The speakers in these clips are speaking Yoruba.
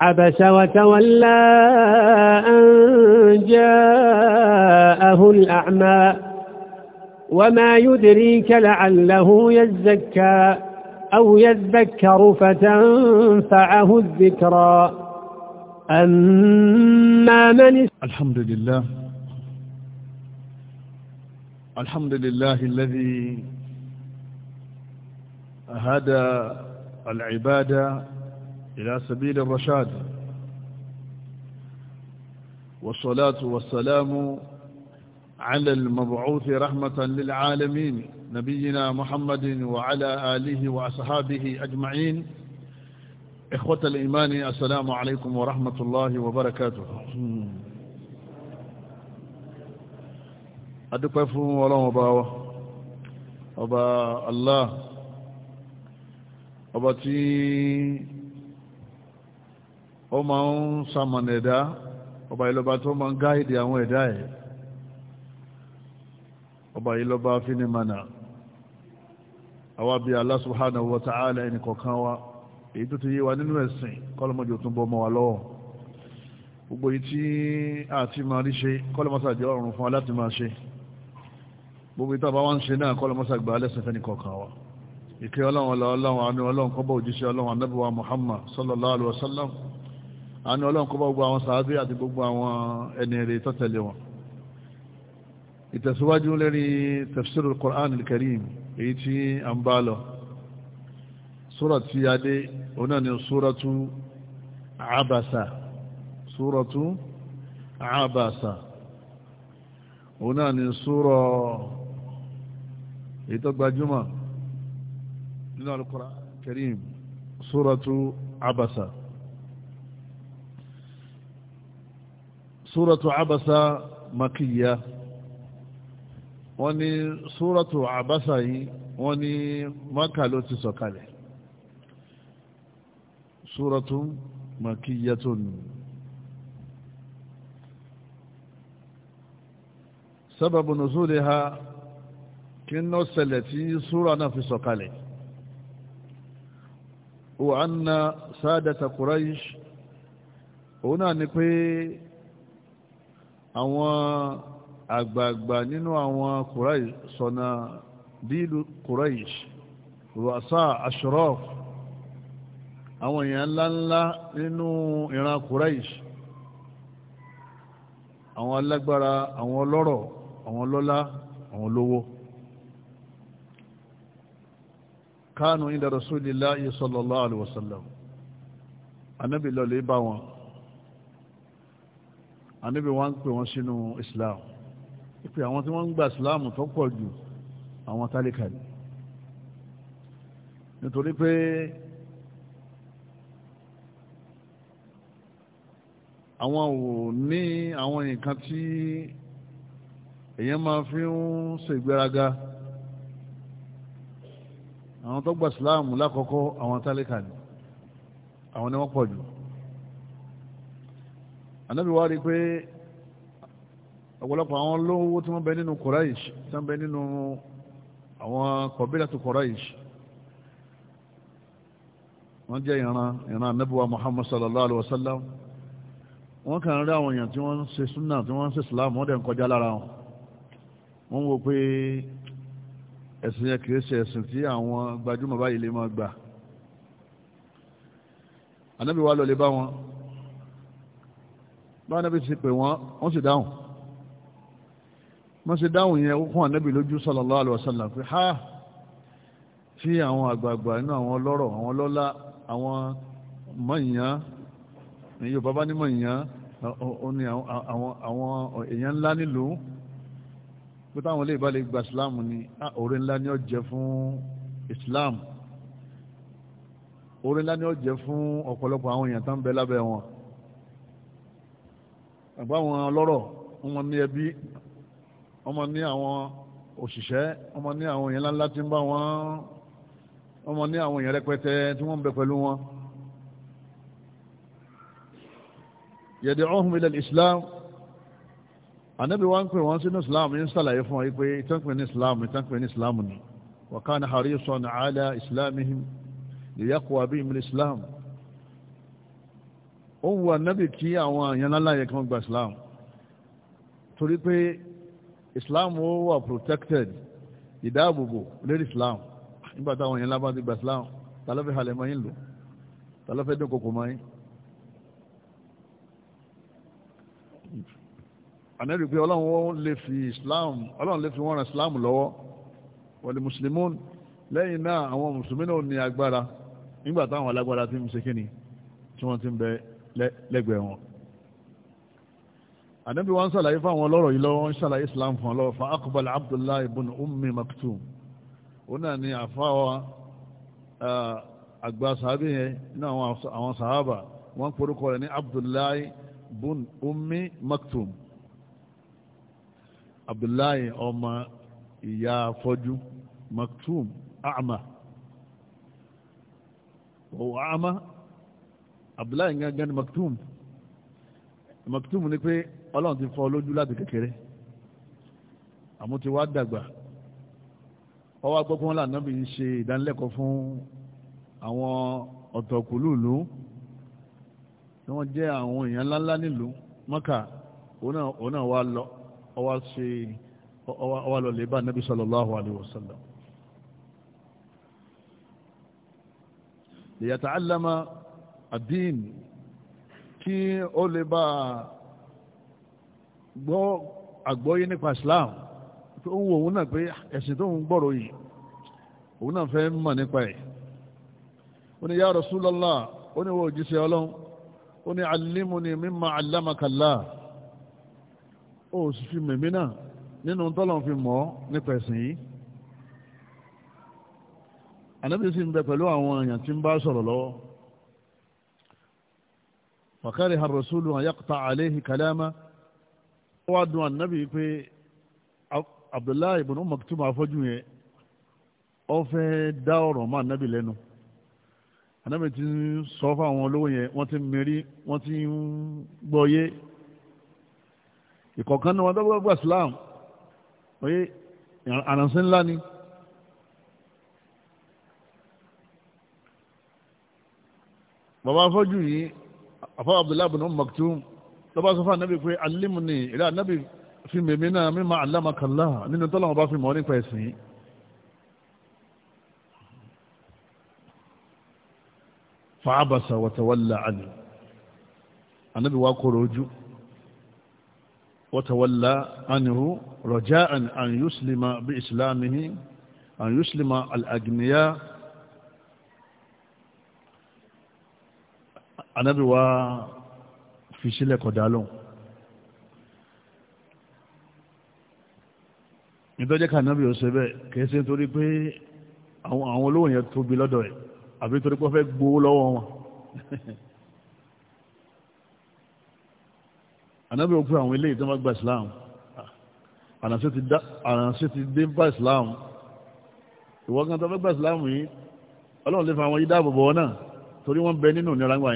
عبس وتولى أن جاءه الأعمى وما يدريك لعله يزكى أو يذكر فتنفعه الذكرى أما من الحمد لله الحمد لله الذي هدى العبادة إلى سبيل الرشاد والصلاة والسلام على المبعوث رحمة للعالمين نبينا محمد وعلى آله وأصحابه أجمعين إخوة الإيمان السلام عليكم ورحمة الله وبركاته adúpẹ́ fún ọlọ́run ọba wa ọba Allah ó máa ń sàmọ̀nà ẹ̀dá ọba ìlọba tó máa ń gáìdì àwọn ẹ̀dá ẹ̀ ọba ìlọba fínimànà àwa bíi Allah subhanahu wa ta'ala ẹnì kọ̀ọ̀kan wa èyí tó ti yé wa nínú ẹ̀sìn kọ́lọ́mọdé tó ń bọ́ ọmọ wa lọ́wọ́ gbogbo yìí tí a ti máa rí ṣe kọ́lọ́mọsàgbé ọ̀run fún wa láti máa ṣe gbogbo yìí tábà wá ń ṣe náà kọ́lọ́mọsàgbé alẹ́sìn fẹ́ni kọ̀ọ̀kan wa ìkẹ́ ọlọ́run ọlọ́run ọlọ́run kọ́bọ̀ òjíṣẹ́ ọlọ́run anábíwá Muhammad sallallahu alaihi wasallam àánú ọlọ́run kó bá gbogbo àwọn sàábí àti gbogbo àwọn ẹni rẹ̀ tó tẹ̀lé wọn ìtẹ̀síwájú lórí tafsirul Qur'an al-Karim èyí tí a ń bá lọ súra tí a dé ọ̀nà ni súratu Abasa súratu Abasa ọ̀nà ni súra èyí tó gbajúmọ̀ nínú al-Qur'an al-Karim súratu súrọ̀tù àbásá makíyà wọ́n ní súrọ̀tù àbásá yìí wọ́n ní maka ló ti sọ̀kalẹ̀ súrọ̀tù makíyà tó nù sábàbù nùsúlìhà kí ní ó ṣẹlẹ̀ tí súrọ̀ náà fi sọ̀kalẹ̀ wọ́n á ná sáadàtà kùráyìí òun náà ni pé àwọn àgbààgbà nínú àwọn Quraish sọ̀nà bílù Quraish rọ̀ṣà ashraf àwọn èèyàn ńláńlá nínú ìran Quraish àwọn alágbára àwọn ọlọ́rọ̀ àwọn lọ́lá àwọn olówó kánú inda Rasulillahi sallallahu alaihi wasallam bá wọn ànábì wọn ń pè wọn sínú islam ìpè àwọn tí wọ́n ń gba islam tó pọ̀ jù àwọn tálíkà ni nítorí pé àwọn ò ní àwọn nǹkan tí èèyàn máa fi ń ṣègbéraga àwọn tó gba islam lákọ̀ọ́kọ́ àwọn tálíkà ni àwọn ni wọ́n pọ̀ jù anábì wá rí pé ọ̀pọ̀lọpọ̀ àwọn olówó tí wọ́n bẹ nínú Quraish tí wọ́n bẹ nínú àwọn kọ̀bílẹ̀tù Quraish wọ́n jẹ́ ìran ìran anábìwá Muhammad sallallahu alaihi wa sallam wọ́n kàn rí àwọn èèyàn tí wọ́n ń ṣe súnà tí wọ́n ń ṣe Islam wọ́n dẹ̀ ń kọjá lára wọn wọ́n wò pé ẹ̀sìn yẹn kìí ṣe ẹ̀sìn tí àwọn gbajúmọ̀ báyìí lè máa gbà anábìwá lọ lè bá wọn báwọn anábì ti pè wọ́n wọ́n sì dáhùn wọ́n sì dáhùn yẹn fún anábì lójú sallallahu alaihi wasallam pé ha tí àwọn àgbààgbà inú àwọn ọlọ́rọ̀ àwọn ọlọ́lá àwọn mọ̀nyán ní Yorùbá bá ní mọ̀nyán ó ní àwọn èèyàn ńlá nílùú pé táwọn ilé ìbá lè gba Islam ni oore ńlá ni ó fún Islam oore ńlá ni ó fún ọ̀pọ̀lọpọ̀ àwọn èèyàn tó bẹ lábẹ́ wọn àgbà wọn ọlọ́rọ̀ wọn mọ ní ẹbí wọn mọ ní àwọn òṣìṣẹ́ wọn mọ ní àwọn èèyàn ńláńlá tí ń bá wọn wọn mọ ní àwọn èèyàn rẹpẹtẹ tí wọ́n ń bẹ pẹ̀lú wọn. yad'uhum ila al-islam ànábì wa ń pè wọ́n sínú islam ń sàlàyé fún ọ pé ìtànpẹ̀ ní islam ìtànpẹ̀ ní islam ni wa kana harisan ala islamihim liyaqwa bihim al-islam ó wu ànábì kí àwọn èèyàn láláyẹ kan gba islam torí pé islam ó wà protected ìdáàbòbò lérí islam nígbà táwọn èèyàn lábá ti gba islam tàlọ́fẹ́ halẹ̀ mọ́ yín lò tàlọ́fẹ́ dín kòkò mọ́ yín. ànábì pé ọlọ́run lè fi islam ọlọ́run lè fi wọ́n ran islam lọ́wọ́ wọlé Muslimun lẹ́yìn náà àwọn mùsùlùmí náà ní agbára nígbà táwọn alágbára ti ń ṣe kíni tí wọ́n ti ń bẹ lẹ́gbẹ̀ẹ́ wọn ànábì wọn ṣàlàyé fáwọn ọlọ́rọ̀ yìí lọ́wọ́ ń ṣàlàyé islam fún ọlọ́wọ́ fa akọbala abdullahi ibn ummi maktum òun náà ni àfáwà àgbà sàábì yẹn ní àwọn sàábà wọ́n porúkọ rẹ̀ ní abdullahi ibn ummi maktum abdullahi ọmọ ìyá afọ́jú maktum àmà òun àmà abdullahi gangan ni maktum maktum ni pé ọlọ́run ti fọ́ lójú láti kékeré àmọ́ ti wá dàgbà ọwọ́ agbọ́pọ́n lànàbí ń ṣe ìdánilẹ́kọ̀ọ́ fún àwọn ọ̀tọ̀kùlú ìlú tí wọ́n jẹ́ àwọn èèyàn ńláńlá nílùú mọ́kà òun náà wá lọ ọwá ṣe ọwá lọ lè bá nàbí sallallahu àdín kí ó lè bá gbọ́ àgbọ́yé nípa Islam tó ń wo òun náà pé ẹ̀sìn tó ń gbọ́rọ̀ yìí òun náà fẹ́ mọ̀ nípa ẹ̀ ó ní ó ní wo òjíṣẹ́ ọlọ́run ó ní allimuni mimma alamakala ó sì fi mèmí náà nínú tọ́lọ̀ fi mọ̀ nípa ẹ̀sìn yìí ànábìsí ń bẹ pẹ̀lú àwọn èèyàn tí ń bá sọ̀rọ̀ wàkàrí harasúlù àyàkùtà àléhì kàlámà ó wá dùn ànábì pé abdullahi ibn umm maktum afọ́jú yẹn ó fẹ́ dá ọ̀rọ̀ mọ́ ànábì lẹ́nu ànábì ti ń sọ fáwọn olówó yẹn wọ́n ti mérí wọ́n ti ń gbọ́yé ìkọ̀kan náà wọ́n dọ́gbọ́n gbà sílámù oye àrànṣẹ́ ńlá ni. bàbá afọ́jú yìí àfọwọ́ abdullahi bin umm maktum lọ́ba sọ fún anabi pé alimuni ìlà anabi fi mèmí náà mímọ alámakàlá nínú tọ́lá wọn bá fi mọ́ nípa ẹ̀sìn fàábàsà wàtàwàlà àní anabi wa kóró ojú wàtàwàlà àníhù rọjá an yuslima bí islamihi an yuslima al anábì wa fi sílẹ̀ kọ̀dá lóhùn nítorí ká nábì ó ṣe bẹ́ẹ̀ kìí ṣe nítorí pé àwọn olówó yẹn tóbi lọ́dọ̀ ẹ̀ àbí torí pé fẹ́ gbowó lọ́wọ́ wọn anábì ó pé àwọn ilé ìtọ́ gba Islam àrànṣẹ́ ti dé bá Islam ìwọ́n kan tó fẹ́ gba Islam yìí Ọlọ́run lè fa àwọn yìí dáàbò bọ̀ náà torí wọ́n bẹ nínú ìnira gbà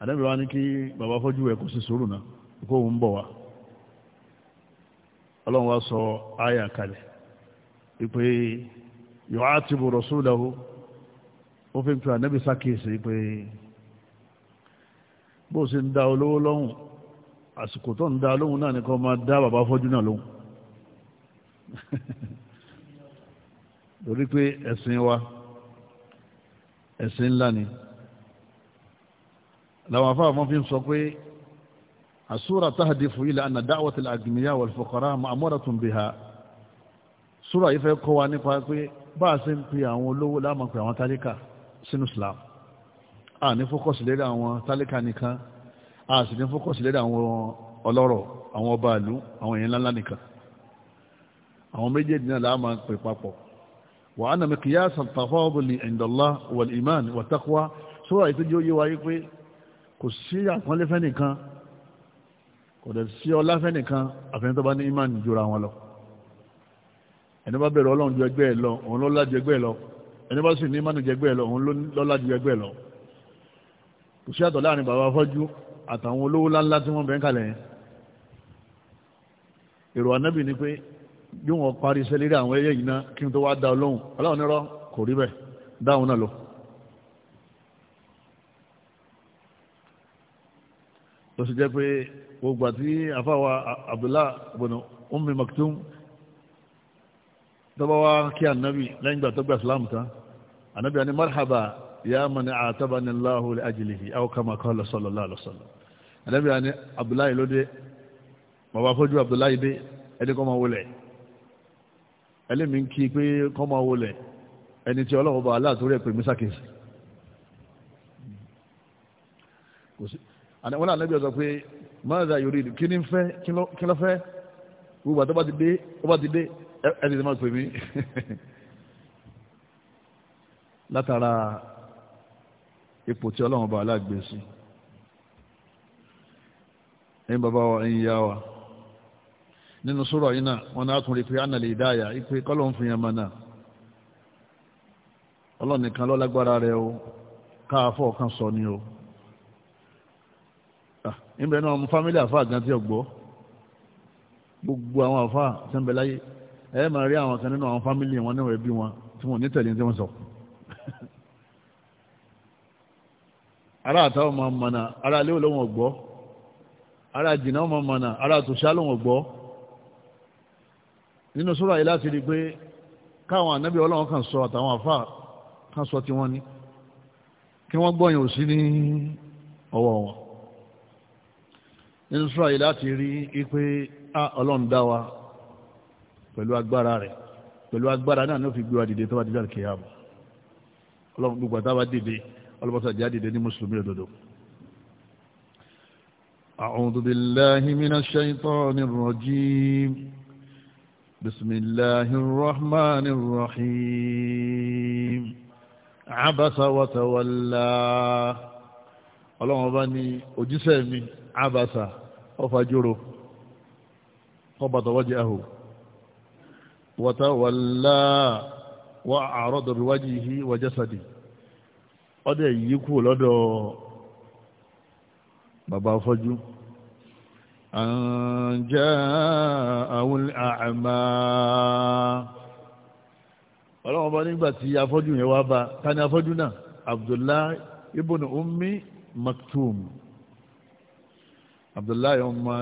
ànábì wa ní kí bàbá fọ́jú ẹ̀ kó sì sùúrù náà kó òun bọ̀ wá ọlọ́run wá sọ àyà kalẹ̀ ìpè yu'atibu rasulahu ó fi ń pe ànábì sákèsì pé bó o sì ń da olówó lọ́hùn àsìkò tó ń da lóhùn náà nìkan máa dá bàbá fọ́jú náà lóhùn torí pé ẹ̀sìn wa ẹ̀sìn ńlá ni làwọn afáàmọ́ fi ń sọ pé àsúra tahdifu ila anna da'wat al-aghniya wal-fuqara ma'muratun biha súra yìí fẹ́ kọ́ wa nípa pé bá a ṣe ń pe àwọn olówó láàmà pé àwọn tálíkà sínú islam a ní fókọ̀sì lérí àwọn tálíkà nìkan a sì ní fókọ̀sì lérí àwọn ọlọ́rọ̀ àwọn ọba ìlú àwọn èèyàn ńláńlá nìkan àwọn méjèèjì náà láàmà pè papọ̀ wà á nà mí kìyà sàtàfọ́ ọ̀bùnì indallah wal iman wa taqwa súra yìí tó jẹ́ òye wáyé pé kò sí àpọ́nlé fẹ́nìkan kò dẹ̀ sí ọlá fẹ́nìkan àfẹ́ni tó bá ní imáàni jura wọn lọ ẹni bá bẹ̀rẹ̀ ọlọ́run ju ẹgbẹ́ ẹ lọ òun lọ́lá ju ẹgbẹ́ ẹ lọ ẹni bá sì ní imáàni ju ẹgbẹ́ ẹ lọ òun lọ́lá ju ẹgbẹ́ ẹ lọ kò sí àtọ̀ láàrin bàbá afọ́jú àtàwọn olówó ńláńlá tí wọ́n bẹ̀ ń kalẹ̀ yẹn èrò ànábì ni pé bí wọ́n parí iṣẹ́ lérí àwọn ẹyẹ yìí ná kí n tó wá da ọlọ́run ọlọ́run nírọ́ kò rí bẹ́ẹ̀ dáhùn náà lọ. ló sì jẹ́ pé gbogbo àti àfáwà Abdullah ibn Ummi Maktum tọ́ba wá kí ànábì lẹ́yìn gbà tó gba Islam tán ànábì àni marhaba ya man a'tabani Allahu li ajlihi aw kama qala sallallahu alaihi wasallam ànábì àni Abdullah lóde bàbá fojú Abdullah dé ẹni kọ́ máa wọlé ẹlẹ́mi ń kí pé kọ́ máa wọlé ẹni tí ọlọ́run bá aláàtúrẹ́ pè mí sákèsì wọn náà nẹ́bí ọ̀sọ̀ pé mọ́ra yorì kí ni fẹ́ kí ló fẹ́ gbogbo àti ọba ti dé ọba ti dé ẹ ti máa pè mí látara ipò tí ọlọ́run bá aláàgbé sí ẹ̀yin bàbá wa ẹ̀yin ìyá wa nínú sọ̀rọ̀ yìí náà wọn náà tún rí pé ànàlè ìdáyà ipe kọ́lọ̀ ń fi yàn mọ́nà ọlọ́run nìkan ló lágbára rẹ̀ o káàfọ́ kan sọ ni o níbẹ̀ náà ọmọ fámílì àfa gan tí ọgbọ́ gbogbo àwọn àfa tí ń bẹ láyé ẹ máa rí àwọn kan nínú àwọn fámílì wọn níwọ̀n ẹbí wọn tí wọn ò ní tẹ̀lé tí wọ́n sọ. ara àtà ọmọ mọ̀nà ara ilé olóhùn ọgbọ́ ara jìnnà ọmọ mọ̀nà ara àtúnṣe lóhùn ọgbọ́ nínú sọ́ra yìí láti rí i pé káwọn ànábì ọlọ́run kan sọ àtàwọn àfa kan sọ tí wọ́n ní kí wọ́n gbọ́yìn òsì ní ọwọ́ wọn israel láti rí ipé ọlọ́run dá wa pẹ̀lú agbára rẹ̀ pẹ̀lú agbára náà ní ó fi gbé wa dìde tó bá dìde àti kìyàmù ọlọ́run gbogbo àtàwà dìde ọlọ́pàá jà dìde ní mùsùlùmí òdodo. أعوذ بالله من الشيطان الرجيم بسم الله الرحمن الرحيم عبس وتولى ọlọ́run ọba ní òjíṣẹ́ ọfàjúro qabata wajhahu watawalla wa a'rada biwajhihi wa jasadi ọdẹ yìí kú lọ́dọ̀ bàbá afọ́jú àǹjẹ́ àwọn àmà ọlọ́wọ́n bá nígbà tí afọ́jú yẹn wá bá ta ni afọ́jú náà Abdullah ibn Ummi Maktum abdullahi ọmọ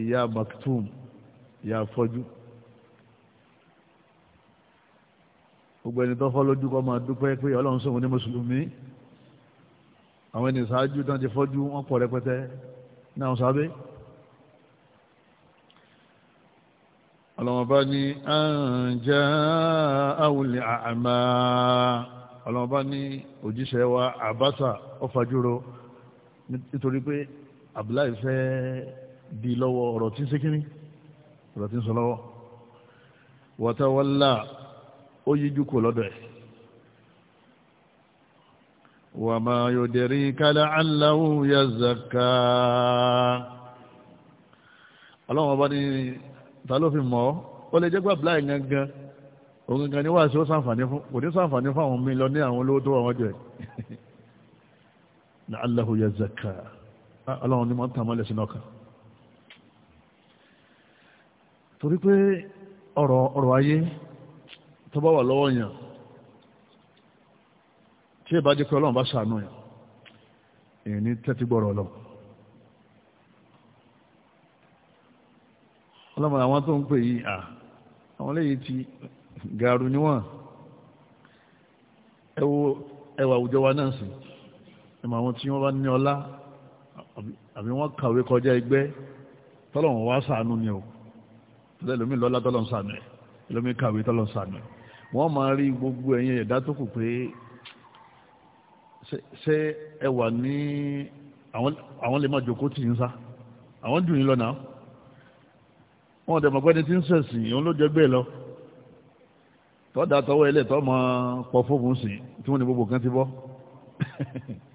ìyá maktum ìyá afọ́jú gbogbo ẹni tó fọ́ lójú kọ́ máa dúpẹ́ pé ọlọ́run sọ̀rọ̀ ní mùsùlùmí àwọn ẹni ìsáájú tán ti fọ́jú wọn pọ̀ rẹpẹtẹ náà sábẹ́. ọlọ́mọba ní àǹjá àwùlẹ̀ àmà ọlọ́mọba ní òjíṣẹ́ wa àbáṣà ọ̀fàjúro nítorí pé abdullahi fẹ́ di lọ́wọ́ ọ̀rọ̀ tí ń ṣe kínní ọ̀rọ̀ tí ń sọ lọ́wọ́ wọ́tawọ́lá ó yíjú kò lọ́dọ̀ ẹ̀ wà máa yóò dẹ̀rí kálá aláwò yà zaka ọlọ́wọ́n bá ní ta ló fi mọ̀ ó lè jẹ́ pé abdullahi gangan òun ni wàá ó sàǹfààní fún kò ní sàǹfààní fún àwọn mílíọ̀nù ní àwọn olówó tó wà wọ́n jẹ́ na aláwò yà zaka ọlọ́run ni mo ń tàn mọ́lẹ̀ sínú ọkàn torí pé ọ̀rọ̀ ọ̀rọ̀ ayé tó bá wà lọ́wọ́ yàn tí ìbá jẹ́ pé ọlọ́run bá ṣàánú yàn èyí ní tẹ́tí gbọ́rọ̀ lọ ọlọ́run àwọn tó ń pè yí à àwọn léyìí ti gàrú níwọ̀n ẹ wo ẹwà àwùjọ wa náà sí ẹ̀mọ̀ àwọn tí wọ́n bá ní ọlá àbí wọ́n kàwé kọjá ẹgbẹ́ tọ́lọ̀wọ̀n wá sànú ni o lẹ́lómi lọ́lá tọ́lọ̀ sànú ẹ̀ lẹ́lómi kàwé tọ́lọ̀ sànú ẹ̀ wọ́n máa rí gbogbo ẹ̀yin ẹ̀dá tó kù pé ṣé ẹ wà ní àwọn lè má jòkó tì ń sá àwọn dùn yín lọ́nà wọn dẹ̀ mọ̀gbẹ́ni tí ń sẹ̀sìn òun ló jẹ́ bẹ́ẹ̀ lọ tọ́da tọwọ́ ilé tọ́ mọ pọ̀ fóònù sí tí wọ́n ní gbogbo kan ti bọ́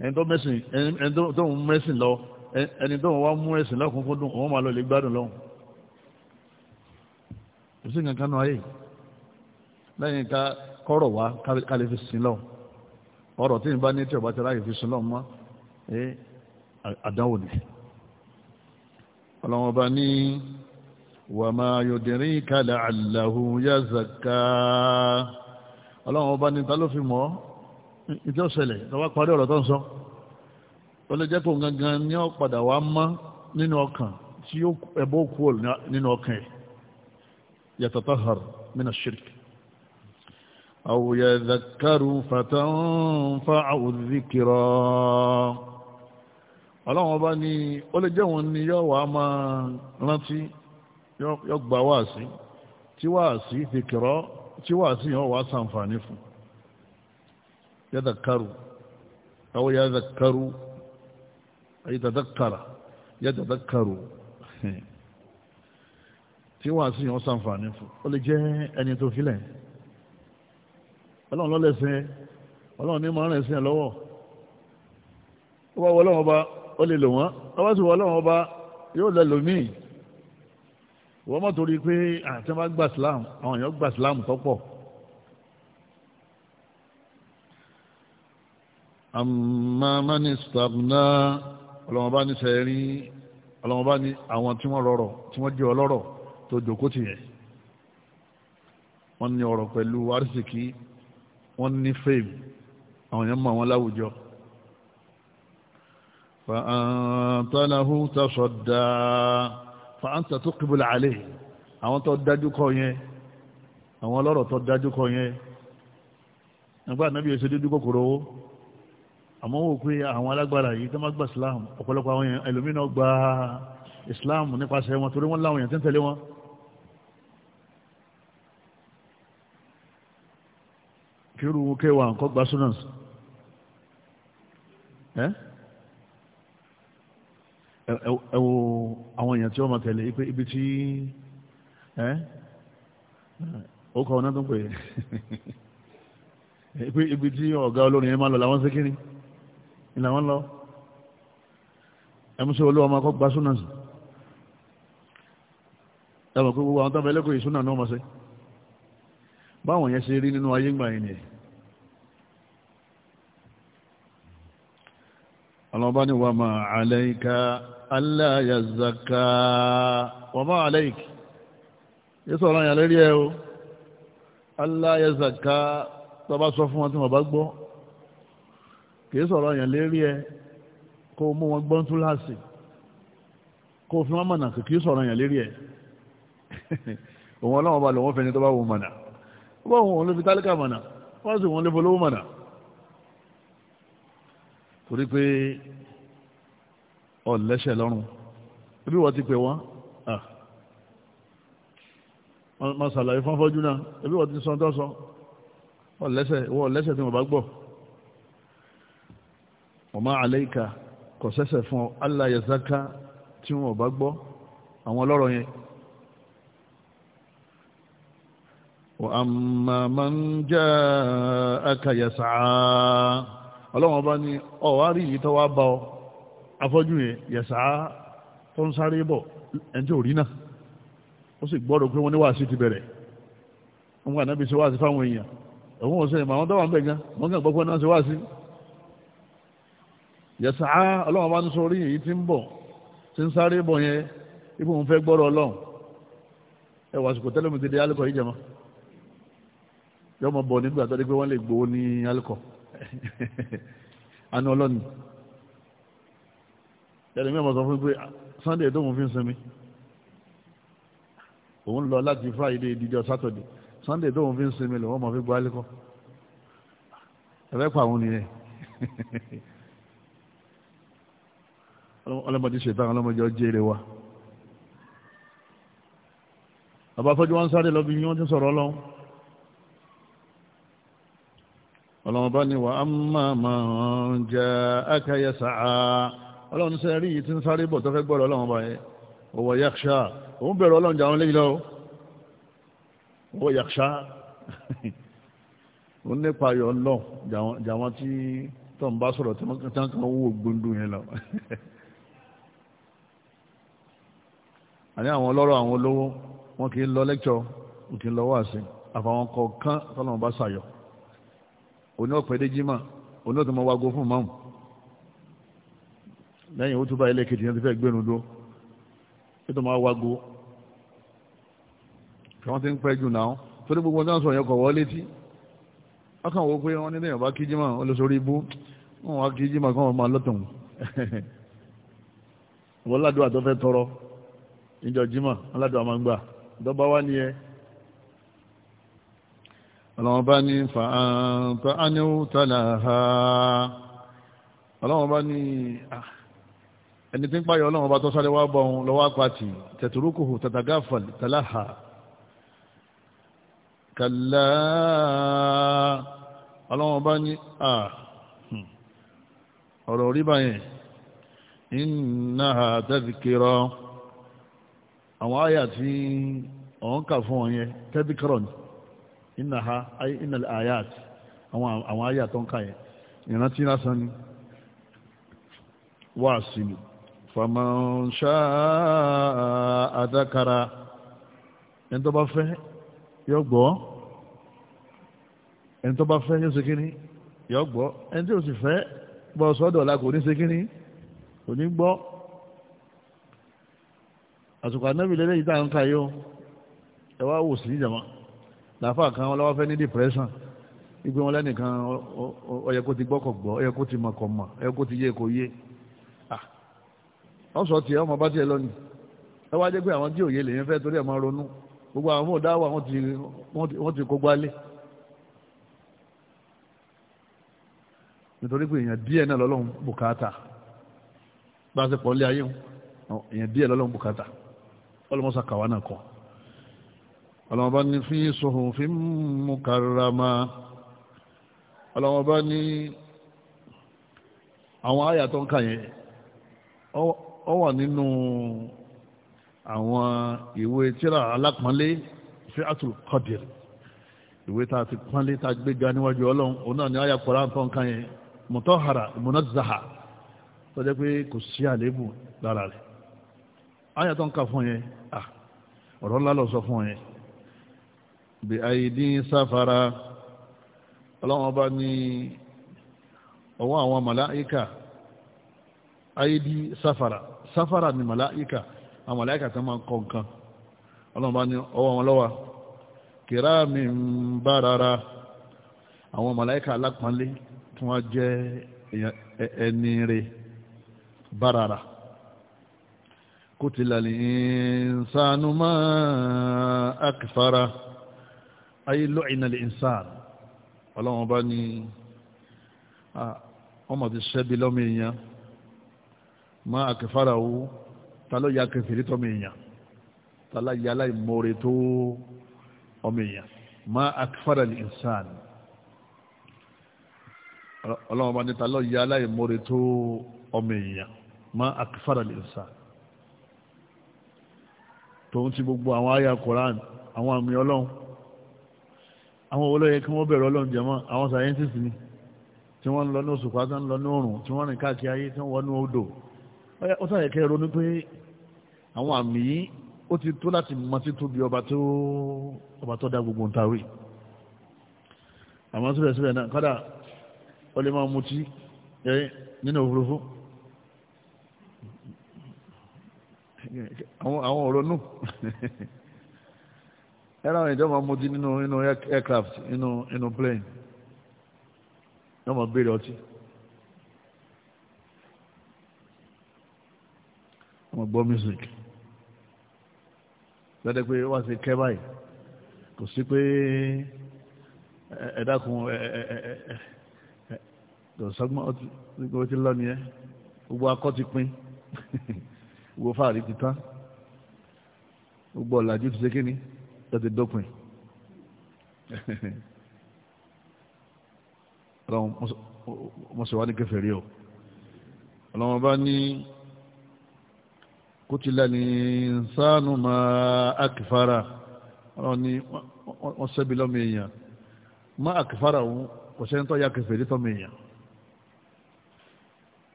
ẹni tó mẹ́sìn ẹni tó ń mẹ́sìn lọ ẹni tó ń wá mú ẹ̀sìn lọ́kùn fún dùn wọ́n máa lọ lè gbádùn lọ́hùn kò sí nǹkan kanú ayé lẹ́yìn ká kọ́rọ̀ wá ká lè fi sin lọ ọ̀rọ̀ tí ìbá ní tí ọba ti ráyè fi sin lọ ẹ àdánwò ni ọlọ́wọ́n bá ní wà máa yòdìrí kalẹ̀ àlàhùn yá zaka ọlọ́wọ́n bá ní ta ló fi mọ́ ìjọ ṣẹlẹ̀ lọ́wọ́ parí ọ̀rọ̀ tó ń sọ ó lè jẹ́ kó gangan ní ọ̀padà wá mọ́ nínú ọkàn tí ẹ̀bọ́ kú ò nínú ọkàn ẹ̀ yatatahar mina shirk aw yadhakkaru fatanfa'u dhikra ọlọ́wọ́n bá ní ó lè jẹ́ wọn ni yọ́ wàá máa rántí yọ́ gbà wáàsí tí wáàsí dhikra tí wáàsí yọ́ wàá sàǹfààní fún un يذكر أو يذكر أي تذكر يتذكر tí wàá sí yàn sànfàní fún ó lè jẹ́ ẹni tó filẹ̀ ọlọ́run lọ́lẹ́sẹ̀ ọlọ́run ní máa ń rẹ̀sìn lọ́wọ́ ó bá wọ ọlọ́run ọba ó lè lò wọ́n ó bá sì wọ ọlọ́run ọba yóò lè lò míì wọ́n mọ̀ torí pé àti wọ́n bá gbà sílámù àwọn èèyàn gbà sílámù tó pọ̀ àmàmánì sàbùnà ọlọ́mọba ní sẹ́rí ọlọ́mọba ní àwọn tí wọ́n rọrọ̀ tí wọ́n jẹ́ ọlọ́rọ̀ tó jòkó tì yẹn wọ́n ní ọ̀rọ̀ pẹ̀lú arísìkí wọ́n ní fèm àwọn èèyàn mọ̀ wọn láwùjọ. fàǹtàláhù tasọ̀dà fàǹtà tó kìbìlà àlè àwọn tó dájú kọ yẹn àwọn ọlọ́rọ̀ tó dájú kọ yẹn nígbà náà bí o kòkòrò owó àmọ́ wò pé àwọn alágbára yìí tó má gba islam ọ̀pọ̀lọpọ̀ àwọn èèyàn ẹlòmínà gba islam nípasẹ̀ wọn torí wọ́n láwọn èèyàn tó ń tẹ̀lé wọn kírù kéwàá nǹkan gba sunans ẹ́ ẹ wo àwọn èèyàn tí wọ́n máa tẹ̀lé pé ibi tí ó kọ́ ọ tó ń pè é pé ibi tí ọ̀gá olórin yẹn máa lọ làwọn ṣe kí ìlà wọn lọ ẹmúṣẹ́ olúwa ọmọ akọ́gbà súnà sí ẹmọ̀ pé gbogbo àwọn tàbí ẹlẹ́kọ̀ọ́ ìsúnà náà mọ̀ sí báwọn yẹn ṣe rí nínú ayé gbà yìí nìyẹn ọlọ́ba ni wà máa alayka aláyàzaka wà máa alayka yẹ́ sọ̀rọ̀ yà lérí ẹ o aláyàzaka tọba sọ fún wọn tí wọ́n bá gbọ́ kìí sọ̀rọ̀ yẹn lérí ẹ kó mú wọn gbọ́n tún láàsì kó fi wọn mọ̀nà sí kìí sọ̀rọ̀ yẹn lérí ẹ òun ọlọ́wọ́n bá lòun fẹ́ni tó bá wọn mọ̀nà ó bá wọn ló fi tálíkà mọ̀nà wọ́n sì wọn ló folówó mọ̀nà torí pé ọ̀lẹ́sẹ̀ lọ́rùn ibi wọ́n ti pè wọ́n ma ṣàlàyé fọ́nfọ́jú náà ibi wọ́n ti sọ tọ́sọ ọ̀lẹ́sẹ̀ ìwọ̀ ọ̀lẹ́sẹ̀ tí wọ́n bá gbọ́ ọmọ àlẹ́ìka kò sẹ́sẹ̀ fún ọ aláyẹ̀záká tí wọ́n bá gbọ́ àwọn ọlọ́rọ̀ yẹn wọ́n a máa ń jẹ́ akàyẹ̀sà ọlọ́wọ́n bá ní ọ̀wárí yìí tọ́wá bá ọ afọ́jú yẹn yẹ̀sà tó ń sáré bọ̀ ẹni tí ò náà ó sì gbọ́dọ̀ pé wọ́n ní wàásù ti bẹ̀rẹ̀ wọ́n kà náà bí wàásù fáwọn èèyàn ẹ̀wọ̀n ọ̀sẹ̀ ìmọ̀ àwọn tó wà ń bẹ̀ wọ́n kàn gbọ́ pé wọ́n náà ṣe wàásù yẹ̀sà á ah, ọlọ́run bá ń sọrí èyí tí ń bọ̀ tí ń sáré bọ̀ yẹn ibò ń fẹ́ gbọ́rọ̀ ọlọ́run ẹ wà sùkò tẹ́lẹ̀ mi ti di alikọ yìí jẹ̀mọ́ yọmọ bọ̀ nígbà tó dé pé wọ́n lè gbowó ní alikọ àná ọlọ́ni ẹ̀rẹ̀ mi ọmọ sọ fún pé Sunday tó ń fi ń sinmi òun lọ láti Friday dídí sátọ̀dé Sunday tó ń fi ń sinmi lòun ọmọ fi gbọ́ alikọ ẹ̀fẹ́ pa òun nìyẹn. ọlọ́mọdé ṣètàn ọlọ́mọdé ọjọ́ èrè wa bàbá fọ́jú wọn sáré lọ́bí yín wọ́n ti sọ̀rọ̀ ọlọ́run ọlọ́run bá ní wà á máa jẹ́ akáyẹ sàá ọlọ́run ní sẹ́rí yìí ti ń sáré bọ̀ tó fẹ́ gbọ́rọ̀ ọlọ́run bá yẹ owó yaksha òun bẹ̀rẹ̀ ọlọ́run jà wọn lẹ́yìn lọ́wọ́ owó yaksha òun nípa ayọ̀ ọlọ́run jà wọn tí tọ́ sọ̀rọ̀ tí wọ́n kàn wó gbóndó yẹn lọ àní àwọn ọlọ́rọ̀ àwọn olówó wọn kì í lọ lẹ́kṣọ̀ wọn kì í lọ wáàsí àfàwọn kọ̀ọ̀kan tọ́lọ́wọ́n bá ṣàyọ̀ oní ọ̀pẹ̀dé jimá oní ọ̀tọ̀ máa wago fún mọ́mù lẹ́yìn ó túbà ilé kejì yẹn ti fẹ́ gbénu dó ètò máa wago kí wọ́n ti ń pẹ́ jù náà torí gbogbo náà sọ yẹn kọ̀ wọ́ létí ọkàn wo pé wọ́n nílẹ̀ ọba kí jimá olóṣorí ibú wọn wá kí jimá kí wọ́n máa lọ́tọ̀ wọn ládùúgbà tó fẹ́ tọrọ níjọ jímọ̀ aládùn àmà gbà dọ́bá wá ní ẹ ọlọ́wọ́n bá ní fàáńtà áníwò tààlà ha ọlọ́wọ́n bá ní ah, ẹni tí ń pààyọ ọlọ́wọ́n bá tó sáré wá bọ́ ohun lọ́wọ́ apáti tẹ̀tùrúkùhù tàtàgáfà tàlà ha kàlá ọlọ́wọ́n bá ní ah, hmm, ọ̀rọ̀ orí báyẹn innaha tadhkira àwọn àyà tí ọ̀n kà fún ọ̀yẹn tẹ́bíkọ́rọ̀ ni iná ha iná àyà àti àwọn àyà tó ń kà yẹn ìrántí lásán ni wà sílù faman sha'a dhakara ẹni tó yóò ṣe kíní yọ ò sì fẹ́ bọ́ sọ́dọ̀ ọ̀la kò ní ṣe kò ní gbọ́ àsìkò ànábì lẹ́lẹ́ yìí táwọn káyọ ẹ wá wò sí ìjàmá làáfà kan wọn lọ́wọ́ fẹ́ ní depression igbe wọn lẹ́nìkan ó yẹ kó ti gbọ́ kọ̀ gbọ́ ó yẹ kó ti mọ̀ kọ̀ mọ̀ ó yẹ kó ti yé kò yé ọ̀sọ̀ tiẹ̀ ọmọ bá tiẹ̀ lọ́nìí ẹ wá jẹ́ pé àwọn tí òye lè fẹ́ torí ẹ̀ ronú gbogbo àwọn fóònù dáwà wọ́n ti kó gbálé nítorí pé èèyàn díẹ̀ náà lọ́lọ́run bùkátà bá a ṣe pọ̀ lé ayé wọn èèyàn díẹ̀ lọ́lọ́run bùkátà ọlọ́mọsá kàwá náà kọ́ ọlọ́mọba ní fi suhufin mukarrama ọlọ́mọba ní àwọn àyà tó ń kà yẹn ọ wà nínú àwọn ìwé tíra alápọ̀nlé fi àtù kọ́dìr ìwé tá a ti pọ́nlé tá a gbéga níwájú ọlọ́run òun náà ní àyà kọ́ra tó ń kà yẹn mutahhara munazzaha tó pé kò sí àléébù lára rẹ̀ àyà tó ń ka fún yẹn ọ̀rọ̀ ńlá lọ sọ fún yẹn bí àìdí sáfara ọlọ́wọ́n bá ní ọwọ́ àwọn sáfara sáfara ni màláíkà àwọn màláíkà tó máa ń kọ nǹkan ọlọ́wọ́n bá ní ọwọ́ kira lọ́wọ́ barara ń bá rárá àwọn màláíkà tí wọ́n قتل الإنسان ما أكفره أي لعن الإنسان ọlọ́run bá ní ọmọ ti ṣẹ́bi lọ́mọ èèyàn má àkẹfàrà ó ta ló ya kẹfìrí tọ́mọ èèyàn ta lá ya aláìmoore tó ọmọ èèyàn má àkẹfàrà lè sàn ọlọ́run bá ní ta ló ya aláìmoore tó ọmọ èèyàn má àkẹfàrà lè sàn tòun ti gbogbo àwọn àyà koran àwọn àmì ọlọ́run àwọn olóyè kí wọ́n bẹ̀rẹ̀ ọlọ́run jẹ̀mọ́ àwọn sàyẹ́ntìsì ni tí wọ́n ń lọ ní òṣùpá tí wọ́n ń lọ ní òrùn tí wọ́n rìn káàkiri ayé tí wọ́n wọnú odò ó sàyẹ̀ kẹ́ ronú pé àwọn àmì yìí ó ti tó láti mọ títóbi ọba tó ọba tó dá gbogbo ntàwé àmọ́ síbẹ̀síbẹ̀ náà kọ́dà ó lè máa mutí nínú òfurufú àwọn ọ̀rọ̀ nù ẹ̀rọ àwọn ìjọba mutí nínú nínú aircraft nínú nínú plane yọmọ béèrè ọtí wọ́n gbọ́ music lọ́dẹ̀ pé wọ́n ti kẹ́ báyìí kò sí pé ẹ dákun ẹ ẹ ẹ ẹ ọ̀sán gbọ́n ó ti lọ́ nìyẹn gbogbo akọ́ ti pín. gbogbo fáàrí ti tán gbogbo ọ̀làjú ti ṣe kí ni tó ti dópin ọlọ́run mọ̀sọ̀wá ní kẹfẹ́ rí o ọlọ́run bá ní kutila ní sáànù máa akifara ọlọ́run ní wọ́n sẹ́bi lọ́mọ èèyàn má akifara òun kò sẹ́ni ya kẹfẹ́ rí tọ́mọ èèyàn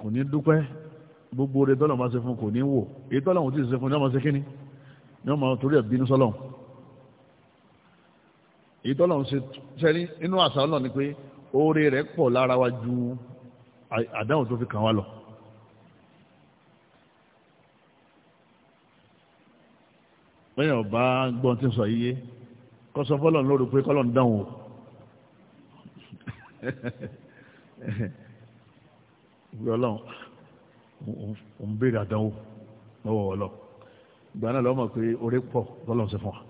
kò ní dúpẹ́ gbogbo oore tọ́lọ̀ máa ṣe fún kò ní wò èyí tọ́lọ̀ òun ti ṣe fún ní ọmọ ṣe kíní ní ọmọ torí ẹ̀ bínú sọ́lọ̀ èyí tọ́lọ̀ ń ṣe ní inú àṣà ọlọ́ ni pé oore rẹ̀ pọ̀ lára wa ju àdáhùn tó fi kàn wá lọ. lẹ́yìn ọba gbọ́n ti sọ yíyé kọ́ sọ fọ́lọ̀ lórí pé kọ́lọ̀ ń dáhùn o ìwé ọlọ́run òun béèrè àdánwò lọ́wọ́ ọlọ́ ìgbà náà lọ́mọ pé orí pọ̀ lọ́lọ́ sí fún wa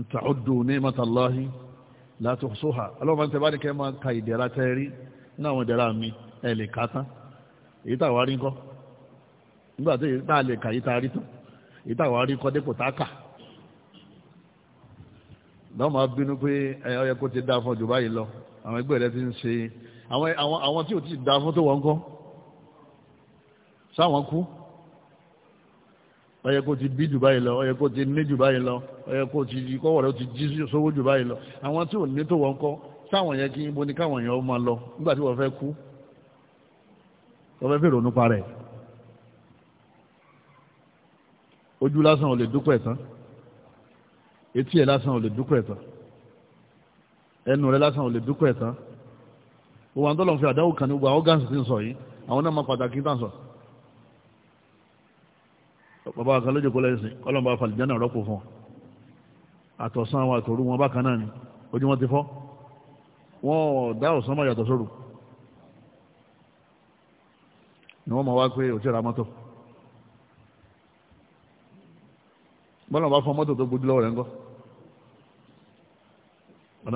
ntàcúdù ní mọ́tàláhì láti ṣóhà ọlọ́mọ tẹ bá ní kẹ́ máa ka ìdẹ̀ra tẹ́ rí ní àwọn ìdẹ̀ra mi ẹ̀ lè ká tán èyí tá àwárí ńkọ́ nígbà tó tá a lè kà yìí tá a rí tán èyí tá àwárí ńkọ́ dépò tá a kà lọ́mọ bínú pé ẹ̀ ọ yẹ kó ti dá fún ọjọ́ báyìí lọ àwọn ẹgbẹ́ rẹ ti ń ṣe àwọn tí ò ti dá fún tó wọ́n kọ́ sáwọn kú ọyẹ kó ti bí jù báyìí lọ ọyẹ kó ti ní jù báyìí lọ ọyẹ kó ti kọ́wọ̀ rẹ̀ ti jí sówó jù báyìí lọ àwọn tí ò ní tó wọ́n kọ́ sáwọn yẹn kí n bo ní káwọn èèyàn máa lọ nígbà tí wọ́n fẹ́ kú wọ́n fẹ́ fèrò nípa rẹ̀ ojú lásán ò lè dúpẹ́ tán etí ẹ̀ lásán ò lè dúpẹ́ tán ẹnu rẹ̀ lásán ò lè dúpẹ́ tán gbogbo àwọn tọ́lọ̀ fi àdáwò kan ní gbogbo àwọn gáàsì tí ń sọ yìí àwọn náà máa pàtàkì tá ń sọ. bàbá kan lójú kọlẹ̀ ẹ̀sìn ọlọ́run bá falẹ̀ jẹ́nà rọ́pò fún àtọ̀sán àwọn àtòrú wọn bákan náà ni ojú wọn ti fọ́ wọn dá ọ̀sán máa yàtọ̀ sóru ni wọ́n máa wá pé òtí ra mọ́tò bọ́lá bá fọ mọ́tò tó gbójú lọ́wọ́ rẹ̀ ńkọ́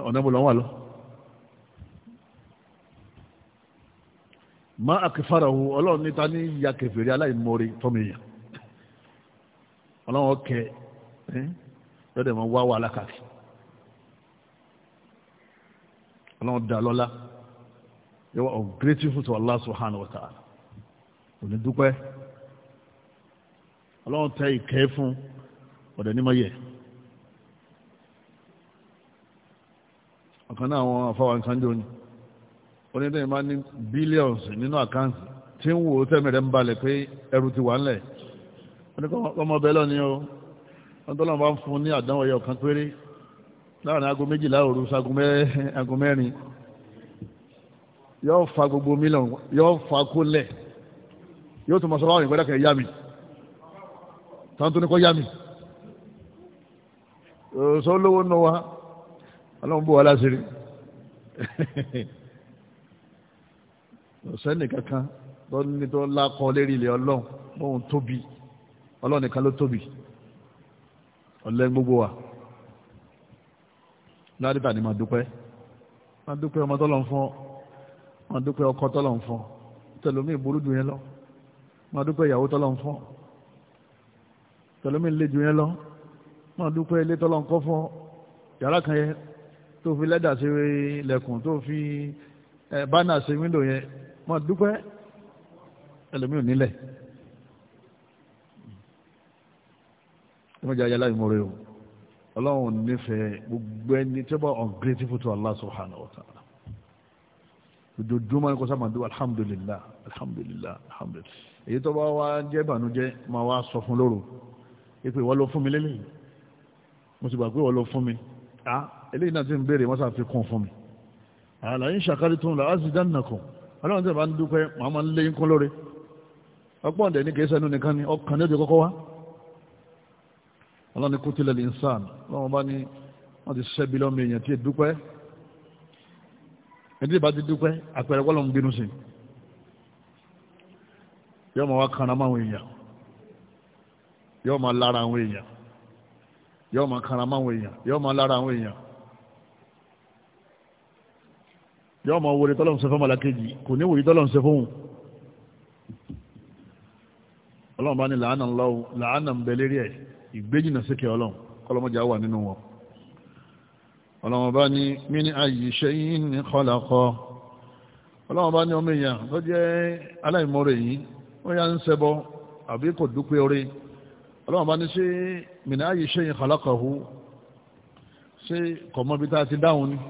ọ̀nà ma akẹfàràwò ọlọ́run níta ní ya kẹfẹ̀rẹ̀ aláìmọ́re tọ́mìyàn ọlọ́run ọkẹ lọ́dẹ̀ mọ́ wá wà alákàtì ọlọ́run dá lọ́lá you are grateful Allah subhanahu wa ta'ala òní dúpẹ́ ọlọ́run tẹ ìkẹ́ fún ọ̀dẹ̀ ní ọ̀kan náà ni onídẹ́yìn máa ní billions nínú àkáǹtì tí ń wò ó tẹ́mì rẹ̀ ń balẹ̀ pé ẹrù ti wà ńlẹ̀ ọmọbẹ̀ lọ́ni o wọ́n tọ́lọ́ bá ń fún ní àdánwò ẹyọ kan péré láàrin aago méjìlá òru sago mẹ́rin yóò fa gbogbo mílíọ̀n yóò fa kó lẹ̀ yóò tún mọ sọ́wọ́ àwọn ìgbẹ́dàkẹ́ yá mi tàǹtóní kọ́ yá mi òṣèlú lówó nù wa ọlọ́run bó wa láṣìírí. ọ̀sẹ́ni kankan tó ní tó lákọ lérí ilẹ̀ ọlọ́run bóun tóbi ọlọ́run nìkan ló tóbi ọ̀lẹ́ gbogbo wa ládìtà ni màá dúpẹ́ màá dúpẹ́ ọmọ tọ́lọ̀ ń fọ́ màá dúpẹ́ ọkọ tọ́lọ̀ ń fọ́ tẹlomi ìború dùn yẹn lọ màá dúpẹ́ ìyàwó tọ́lọ̀ ń fọ́ tẹlomi ìlé dùn yẹn lọ màá dúpẹ́ ilé tọ́lọ̀ ń kọ́ fọ́ yàrá kan yẹn tó fi lẹ́dà sí ilẹ̀kùn tó fi bánà sí wíńdò yẹn máa dúpẹ́ ẹlòmíì nílẹ̀ ìmọ̀jà ayé aláìmọ̀rẹ́ o ọlọ́run nífẹ̀ẹ́ gbogbo ẹni tí ó bá ungrateful to Allah subhanahu wa ta'ala ojoojúmọ́ ni kò sábà máa dúpẹ́ alhamdulillah alhamdulillah alhamdulillah èyí tó bá wá jẹ́ ìbànújẹ́ máa wá sọ fún lóru ìpè wọ́n ló fún mi lélẹ́yìn mo sì gbà pé wọ́n ló fún mi ah eléyìí náà ti ń béèrè wọ́n sàfikún fún mi àlàyé ń ṣàkárí tó ń lọ á sì ọlọ́run tí ìbá ń dúpẹ́ màá máa ń lé kún lórí ọgbọ́n dẹ̀ ní kìí sẹ́nu nìkan ni ọkàn ní ojú kọ́kọ́ wá ọlọ́run ní kú tilẹ̀ l'insan ọlọ́run bá ní wọ́n ti ṣiṣẹ́ bí lọ́mọ èèyàn tí ì dúpẹ́ ẹni tí ìbá ti dúpẹ́ àpẹẹrẹ wọ́n lọ́n bínú sí yọ́ọ́ máa wá kanra máwọn èèyàn yọ́ọ́ máa lára àwọn èèyàn yọ́ọ́ máa kanra máwọn èèyàn yọ́ọ́ máa lára àwọn èèyàn yọ́ ma wòrì tọ́lọ́n ṣe fún malakeji kò ní wòrì tọ́lọ́n ṣe fún ọlọ́run bá ní làánà lọ́wọ́ làánà ń bẹ lérí ẹ̀ ìgbéjìnà síkẹ̀ ọlọ́run kọlọmọjà wà nínú wọn ọlọ́run bá ní min ayyi shay'in khalaqa ọlọ́run bá ní ọmọ èèyàn tó jẹ́ aláìmọ́rẹ̀ yìí ó ń ṣẹbọ ọlọ́run bá ní ṣe min ayyi shay'in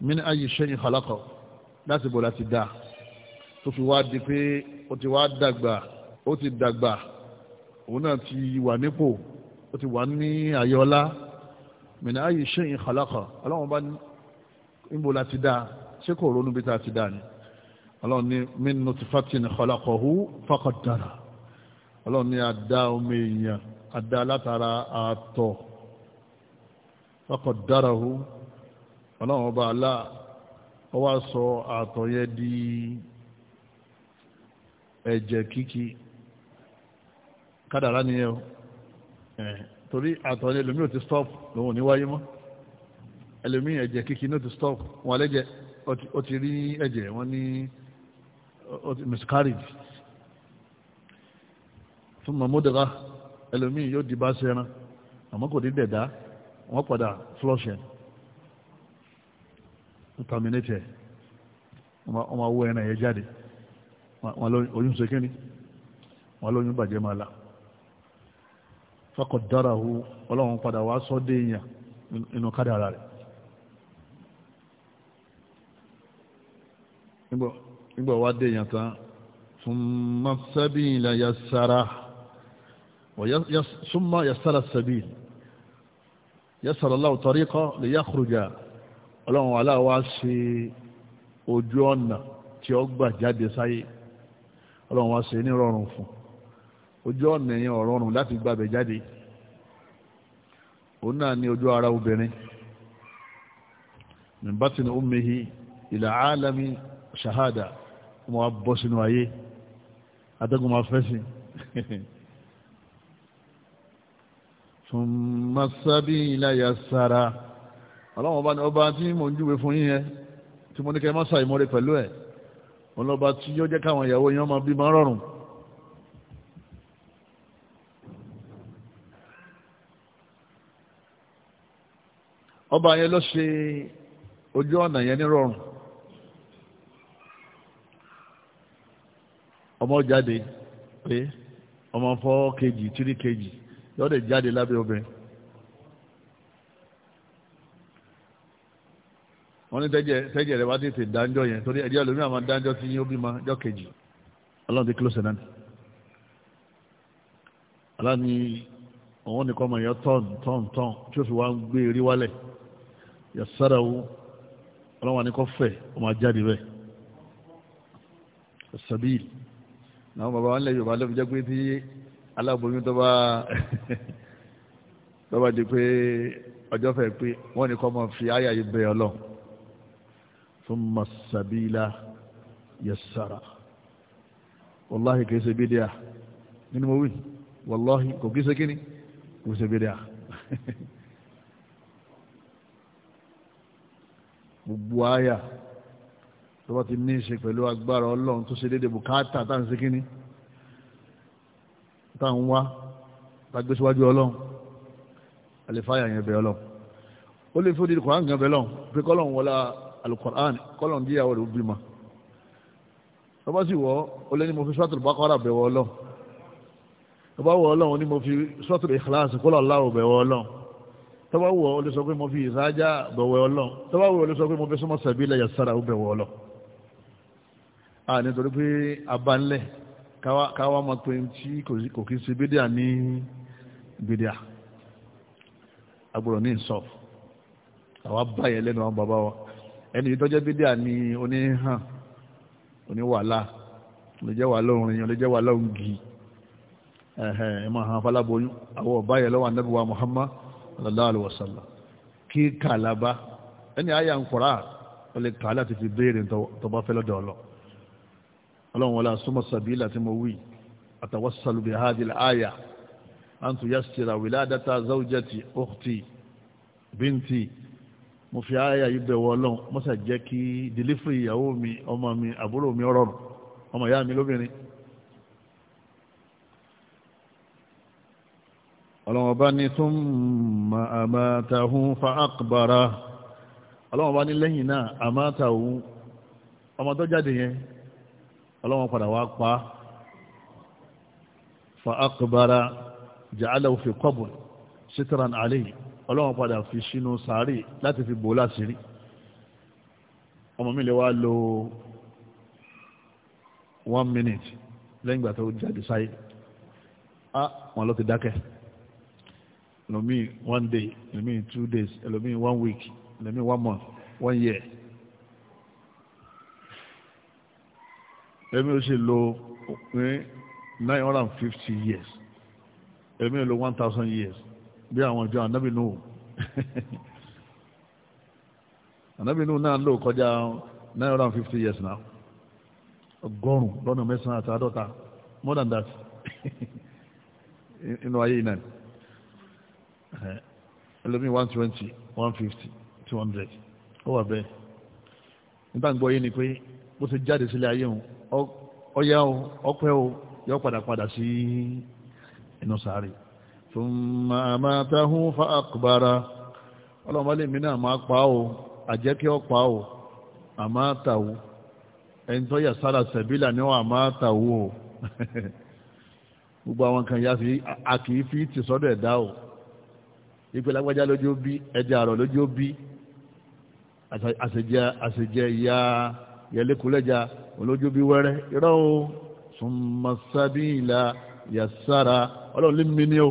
min ayi shay'in khalaqa láti bọ̀ láti dá tó fi wá di pé ó ti wá dàgbà ó ti dàgbà òun náà ti wà nípò ó ti wà ní àyọlá min ayi shay'in khalaqa ọlọ́run bá ń bọ̀ láti dá ṣé kò ronú bí tá a ti dá ni ọlọ́run ní min nutfatin khalaqahu faqaddara ọlọ́run ní àdá ọmọ èèyàn àdá látara àtọ̀ faqaddarahu ọlọ́run ọba alá ọ wá sọ àtọ̀ yẹ di ẹ̀jẹ̀ kíkí kádàrá nìyẹn o torí àtọ̀ ni ẹlòmíì ò ti stop lòun ò ní wáyé mọ́ ẹlòmíì ẹ̀jẹ̀ kíkí ní ò ti stop wọn àlẹ́jẹ̀ ó ti rí ẹ̀jẹ̀ wọn ní miscarriage fún mọ̀mọ́dẹ́gá ẹlòmíì yóò di bá ṣẹran àmọ́ kò ní dẹ̀dá wọ́n padà flush ẹ̀ ó terminate ẹ̀ wọ́n máa wó ẹran yẹn jáde wọ́n lóyún oyún ṣe kíni wọ́n lóyún bàjẹ́ máa la fọkọ̀ dára hu ọlọ́run padà wá sọ́ dé èèyàn inú kádàrà rẹ̀ nígbà wá dé èèyàn tán ثم السبيل يسره ثم يسر السبيل يسر الله طريقة ليخرج ọlọ́run aláwa ṣe ojú ọ̀nà tí ó gbà jáde sáyé ọlọ́run wa ṣe nírọ̀rùn fún ojú ọ̀nà yẹn ọ̀rọ̀rùn láti gbàbẹ̀ jáde òun náà ni ojú ara obìnrin min batni ummihi ila alami mo wá bọ́ sínú ayé atẹ́gùn máa fẹ́ sí thumma sabila yassara ọlọ́run ọba ọba tí mò ń júwe fún yín yẹn tí mo ní kẹ́ ẹ má sa ìmọ̀re pẹ̀lú ẹ̀ ọlọ́ba tí yóò jẹ́ káwọn ìyàwó yẹn máa bí máa rọrùn. ọba yẹn ló ṣe ojú ọ̀nà yẹn ní rọrùn ọmọ jáde pé ọmọ fọ́ kejì tírí kejì yọ́dẹ̀ jáde lábẹ́ obìnrin wọ́n ní tẹ́jẹ̀ rẹ̀ wá tètè dáńjọ́ yẹn torí ẹ̀jẹ̀ lómi àwọn dáńjọ́ tí yín ó bímọ ọjọ́ kejì ọlọ́run ti kí ló ṣe náà aláàní òun nìkan mọ̀ yọ tọ́n tọ́n tọ́n tí ó fi wá ń gbé eré wálẹ̀ yọ sára wo ọlọ́run àníkọ́ fẹ̀ ó máa jáde bẹ́ẹ̀ sabil náà bàbá wọn lẹ yorùbá ló fi jẹ́ pé tí aláboyún tó bá tó bá di pé ọjọ́ fẹ́ pé wọ́n nìkan mọ̀ fi áyà yìí bẹ̀ ọlọ́run. ثم السبيل يسر والله كي سبيديا من موين والله كي سكيني كي سبيديا gbogbo àyà tó bá ti ní í ṣe pẹ̀lú agbára ọlọ́run tó ṣe déédéé bùkátà tá à ń ṣe kínní tá à ń wá tá a gbé síwájú ọlọ́run àlefáyà yẹn bẹ ọlọ́run ó lè fún dídì kọ́ńgàn bẹ lọ́run pé kọ́lọ́run wọlá alukur'an kọ́lọ̀ ní ìyàwó rẹ̀ ó bímọ tọ́ba sì wọ́ ọ lẹ́ni mo fi sọ́tù bákọ́rà bẹ̀wọ̀ ọlọ́run tọ́ba wọ̀ ọlọ́run ni mo fi sọ́tù ìkìláàsì kọ́lọ̀ láwọ̀ bẹ̀wọ̀ ọlọ́run tọ́ba wọ̀ ọ lè sọ pé mo fi ìsáájá bẹ̀wọ̀ ọlọ́run tọ́ba wọ̀ ọ lè sọ pé mo fi sọ́mọ sàbí ilẹ̀ yàtsára ó bẹ̀wọ̀ ọlọ́run. a nítorí pé abanlẹ̀ káwa máa pe tí kò kí ṣe bídíà ní bídíà agbọ̀rọ̀ ní ìsọ̀f àwa báyẹ̀ lẹ́nu àwọn bàbá wa ẹni yìí tọ́jẹ́ bídíà ni oníhàn oníwàhálà lè jẹ́ wàhálà orin lè jẹ́ wàhálà òǹgì ẹ máa hàn faláboyún àwọn ọ̀bá yẹn lọ́wọ́ anábì wa Muhammad sallallahu alaihi wasallam kí kàlábá ẹni àyà ń kọ̀rá ó lè kà á láti fi béèrè tó bá fẹ́ lọ́dọ̀ ọlọ ọlọ́run wọlé asúmọ̀ sàbílà tí mo wí àtàwọ́sàlù bí àyà àǹtù yásìrà wìládàtà mo fi àyà yìí bẹ̀wọ̀ ọlọ́run mọ́sà jẹ́ kí delivery ìyàwó mi ọmọ mi àbúrò mi ọ̀rọ̀ ọmọ ìyá mi lóbìnrin. ọlọ́run ọba ní thumma amatahu fa aqbara ọlọ́run ọba ní lẹ́yìn náà amatahu ọmọ tó jáde yẹn ọlọ́run padà wá pa fa aqbara ja'alahu fi qabr sitran alayhi ọlọ́run padà fi sínú sàárè láti fi bò láṣìírí ọmọ mi lè wá lo one minute lẹ́yìn ìgbà tó jáde sáyé á wọn lọ ti dákẹ́ ẹlòmíì one day ẹlòmíì two days ẹlòmíì one week ẹlòmíì one month one year ẹlòmíì ó sì lo eh, nine hundred and fifty years ẹlòmíì lo one thousand years bí àwọn ìjọ ànábì nù ànábì nù náà lò kọjá nine hundred and fifty years now ọgọ́rùn lọ́nà mẹ́sàn-án àti àádọ́ta more than that inú ayé náà ẹlòmíì one twenty one fifty two hundred ó wà bẹ́ẹ̀ nígbà gbọ́ yé ni pé bó ṣe jáde sílé ayé òun ọ̀yá ọ̀pẹ́ o yọ padà padà sí inú sáré. ثم أماته فأقبره ọlọ́mọ lè mí náà máa pa ó àjẹ́kẹ́ ọ pa ó àmátàwó ẹni tó yà sára sẹ̀bílà níwọ̀n àmátàwó o gbogbo àwọn kan yá sí àkìí fi ti sọ́dọ̀ ẹ̀dá o ìpè lágbájá lójú bí ẹja àrọ̀ lójú bí àṣejẹ ìyá yẹlékulẹ́já olójú bí wẹ́rẹ́ irọ́ o summa yà sára ọlọ́run lè mí ní o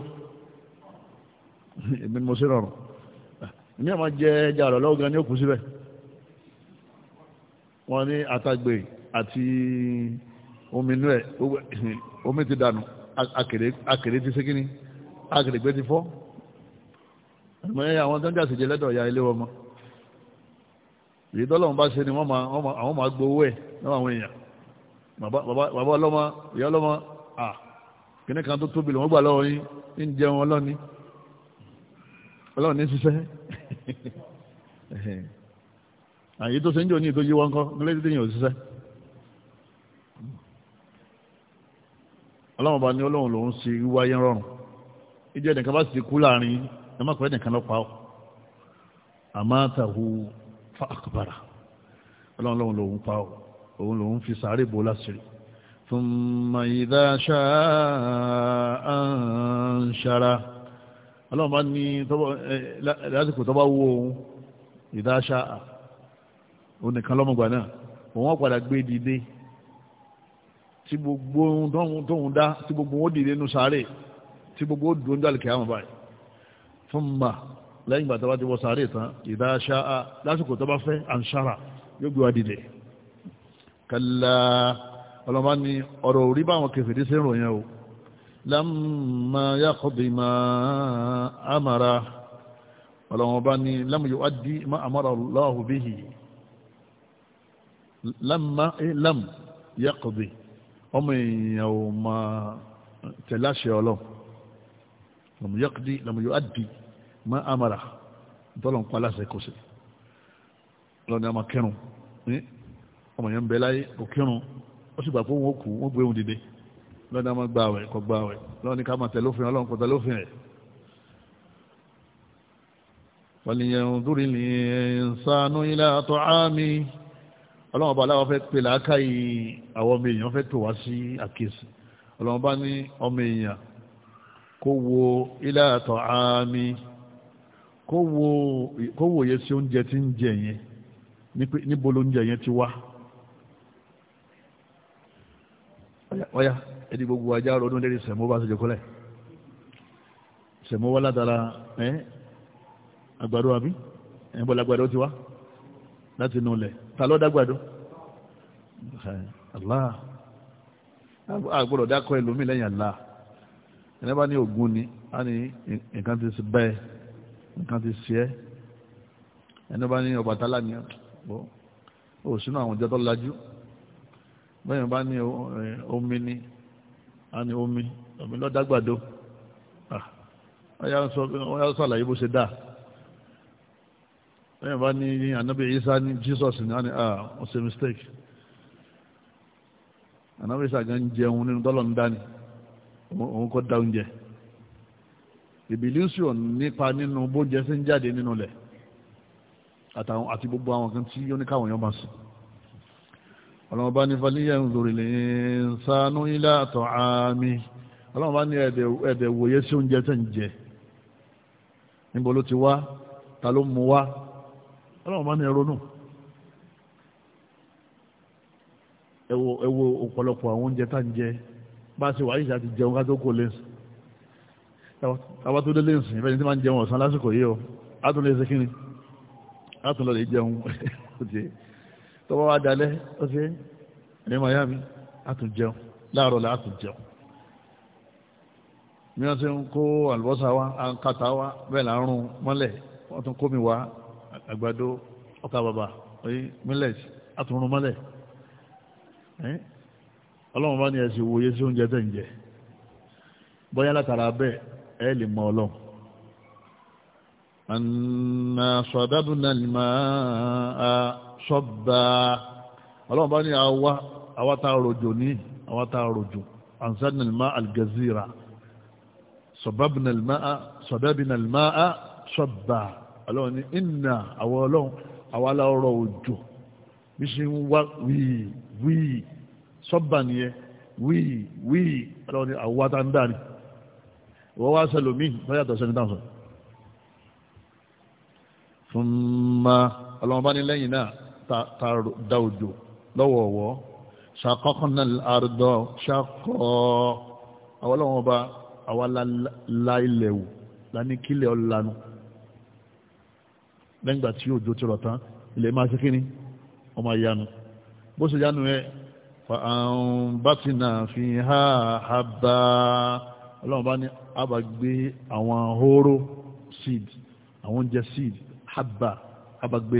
èmi ni mo ṣe rọrùn èmi àmà jẹ ẹja àrọ̀ lọ́wọ́ gan ni ó kù síbẹ̀ wọ́n ní àtàgbè àti omi inú ẹ̀ omi ti dànù akèrè ti sékíní akèrè gbé ti fọ́ ẹ̀mọ́ ẹ̀yà àwọn tó ń jà sí jẹ lẹ́dọ̀ ya ilé ọmọ èyí tọ́lọ́run bá ṣe ni wọ́n máa àwọn máa gbowó ẹ̀ lọ́wọ́ àwọn èèyàn bàbá ọlọ́mọ ìyá ọlọ́mọ à kíní kan tó tóbi lọ́wọ́ gbà lọ́wọ́ yín ń jẹun ọlọ́ni ọlọ́run ní ṣiṣẹ́ àyè tó ṣe ń jò ní ìtòjú wọn kọ́ lórí títí yìí ò ṣiṣẹ́ ọlọ́run bá ní ọlọ́run lòún ṣe wíwáyé rọrùn ìjọ ẹnìkan bá sì kú láàrin ẹ má pẹ́ ẹnìkan lọ́pàá ọ àmátàhù fa àkàbàrà ọlọ́run lòún lòún pa ọ òun lòún fi sàárè bò láṣìírí thumma idha sha'a anshara ọlọ́run bá ní lásìkò tó bá wú òun ìdáṣà òun nìkan lọ́mọgbà náà òun wọ́n padà gbé dìde tí gbogbo ohun tóun dá tí gbogbo wọn dìde nù sáré tí gbogbo ó dùn dálìkẹ́ àwọn báyìí fún mà lẹ́yìn ìgbà tó bá ti wọ sáré tán ìdáṣà lásìkò tó bá fẹ́ àǹṣára yóò gbé wa dìde kàlá ọlọ́run bá ní ọ̀rọ̀ orí báwọn kẹfìdí sí ìròyìn o lamma yaqdi ma amara ọlọ́wọ́n bá ní lam yuaddi ma amara Allahu bihi lamma eh, lam yaqdi ọmọ èèyàn ò máa tẹ̀láṣẹ ọlọ́run lam yaqdi lam yuaddi ma amara tọ́lọ̀ ń pa aláṣẹ kò sí lọ́nà àmà kírun eh, ọmọ yẹn ń bẹ láyé kò kírun ó sì gbà pé wọ́n kú wọ́n gbé òun dìde lọ́nà máa gba àwẹ̀ kọ́ gba àwẹ̀ lọ́nà ká máa tẹ̀lé òfin ọlọ́run kò tẹ̀lé òfin ẹ̀. wal-yanzuri l-insanu ila ta'ami ọlọ́run ọba aláwọ̀ fẹ́ pè láákàyè àwọn ọmọ èèyàn fẹ́ tò wá sí àkíyèsí ọlọ́run bá ní ọmọ èèyàn kó wo ila ta'ami kó wo yẹ sí oúnjẹ tí ń jẹ yẹn níbo lóúnjẹ yẹn ti wá ẹni gbogbo ajá ọdún lérí sẹ̀mó bá sọ̀jọ̀ kọ́lẹ̀ sẹ̀mó wá látara ẹ́ àgbàdo àbí ẹ̀ bọ́lá àgbàdo ti wá láti inú ilẹ̀ ta lọ́dá àgbàdo Allah ẹlòmí lẹ́yìn Allah ẹni bá ní ògùn ni a ní nǹkan ti bẹ́ nǹkan ti ṣe ẹ́ ẹni bá ní Ọbàtálá ni ọ̀ ò sínú àwọn ìjọ tó lajú bẹ́ẹ̀ bá ní omi ni a ní omi omi lọ́dàgbàdo ah, wọ́n yá sàlàyé bó ṣe dáa lẹ́yìn bá ní ànábì Isa ní Jesus ní àná ah wọ́n ṣe mistake ànábì Isa gan jẹun nínú dọ́lọ̀ ń dání òun kọ́ da oúnjẹ ìbílísù nípa nínú bóúnjẹ sí ń jáde nínú lẹ̀ àti gbogbo àwọn kan tí ó káwọn èèyàn máa sùn ọlọ́run bá ní falíyà ń lórí lè ń sánú ilé àtọ̀ àmì ọlọ́run bá ní ẹ̀dẹ̀ wòye sí oúnjẹ tẹ̀ ń jẹ níbo ló ti wá ta ló mú wá ọlọ́run bá ní ronú ẹwo ẹwo ọ̀pọ̀lọpọ̀ àwọn oúnjẹ tá ń jẹ bá a ṣe wàá ìṣà ti jẹun ká tó kó lẹ́sìn tàbá tó dé lẹ́sìn ìfẹ́ni tí máa ń jẹun ọ̀sán lásìkò yìí o á ṣe kíni á tún lè jẹun ó ti tọ́wọ́ wá dalẹ́ ó ṣe ẹ̀yìn miami àtún jẹun láàárọ̀ là àtún jẹun mi wọ́n ti ń kó àlùbọ́sà wa àǹkàtà wa bẹ́ẹ̀ là ń rún mọ́lẹ̀ wọ́n tún kó mi wá àgbàdo ọkà bàbà oyin millet àtún mọ́lẹ̀ ọlọ́run bá ní ẹ̀sìn wòye sí oúnjẹ tẹ̀ ń jẹ bóyá látara bẹ́ẹ̀ ẹ lè mọ ọlọ́run anna sọ̀dábùnà lè sọ́bà ọlọ́run bá ní àwa àwa tá a rojò ní àwa tá a rojò anzalna al-ma'a al-jazira sababna al-ma'a sababna al-ma'a sọ́bà ọlọ́run ní ìnà àwọn ọlọ́run àwa láọ̀rọ̀ òjò bí ṣe ń wá wíì wíì sọ́bà nìyẹn wíì wíì ọlọ́run ní àwọn ń dà wọ́n wá sẹlòmíì báyàtọ̀ sẹ́ni táwọn sọ. fún ma ọlọ́run bá ta da òjò lọ́wọ̀ọ̀wọ́ ṣàkọ́kọ́nà àrùdọ̀ ṣàkọ́ àwọn ọlọ́wọ́n ọba àwa la ilẹ̀ wò lání kílẹ̀ ọ̀lànà lẹ́gbà tí òjò ti rọ̀ tán ilẹ̀ máa ṣe kíní ọmọ ìyanu bó ṣe yánu ẹ fa anbatna àbá gbé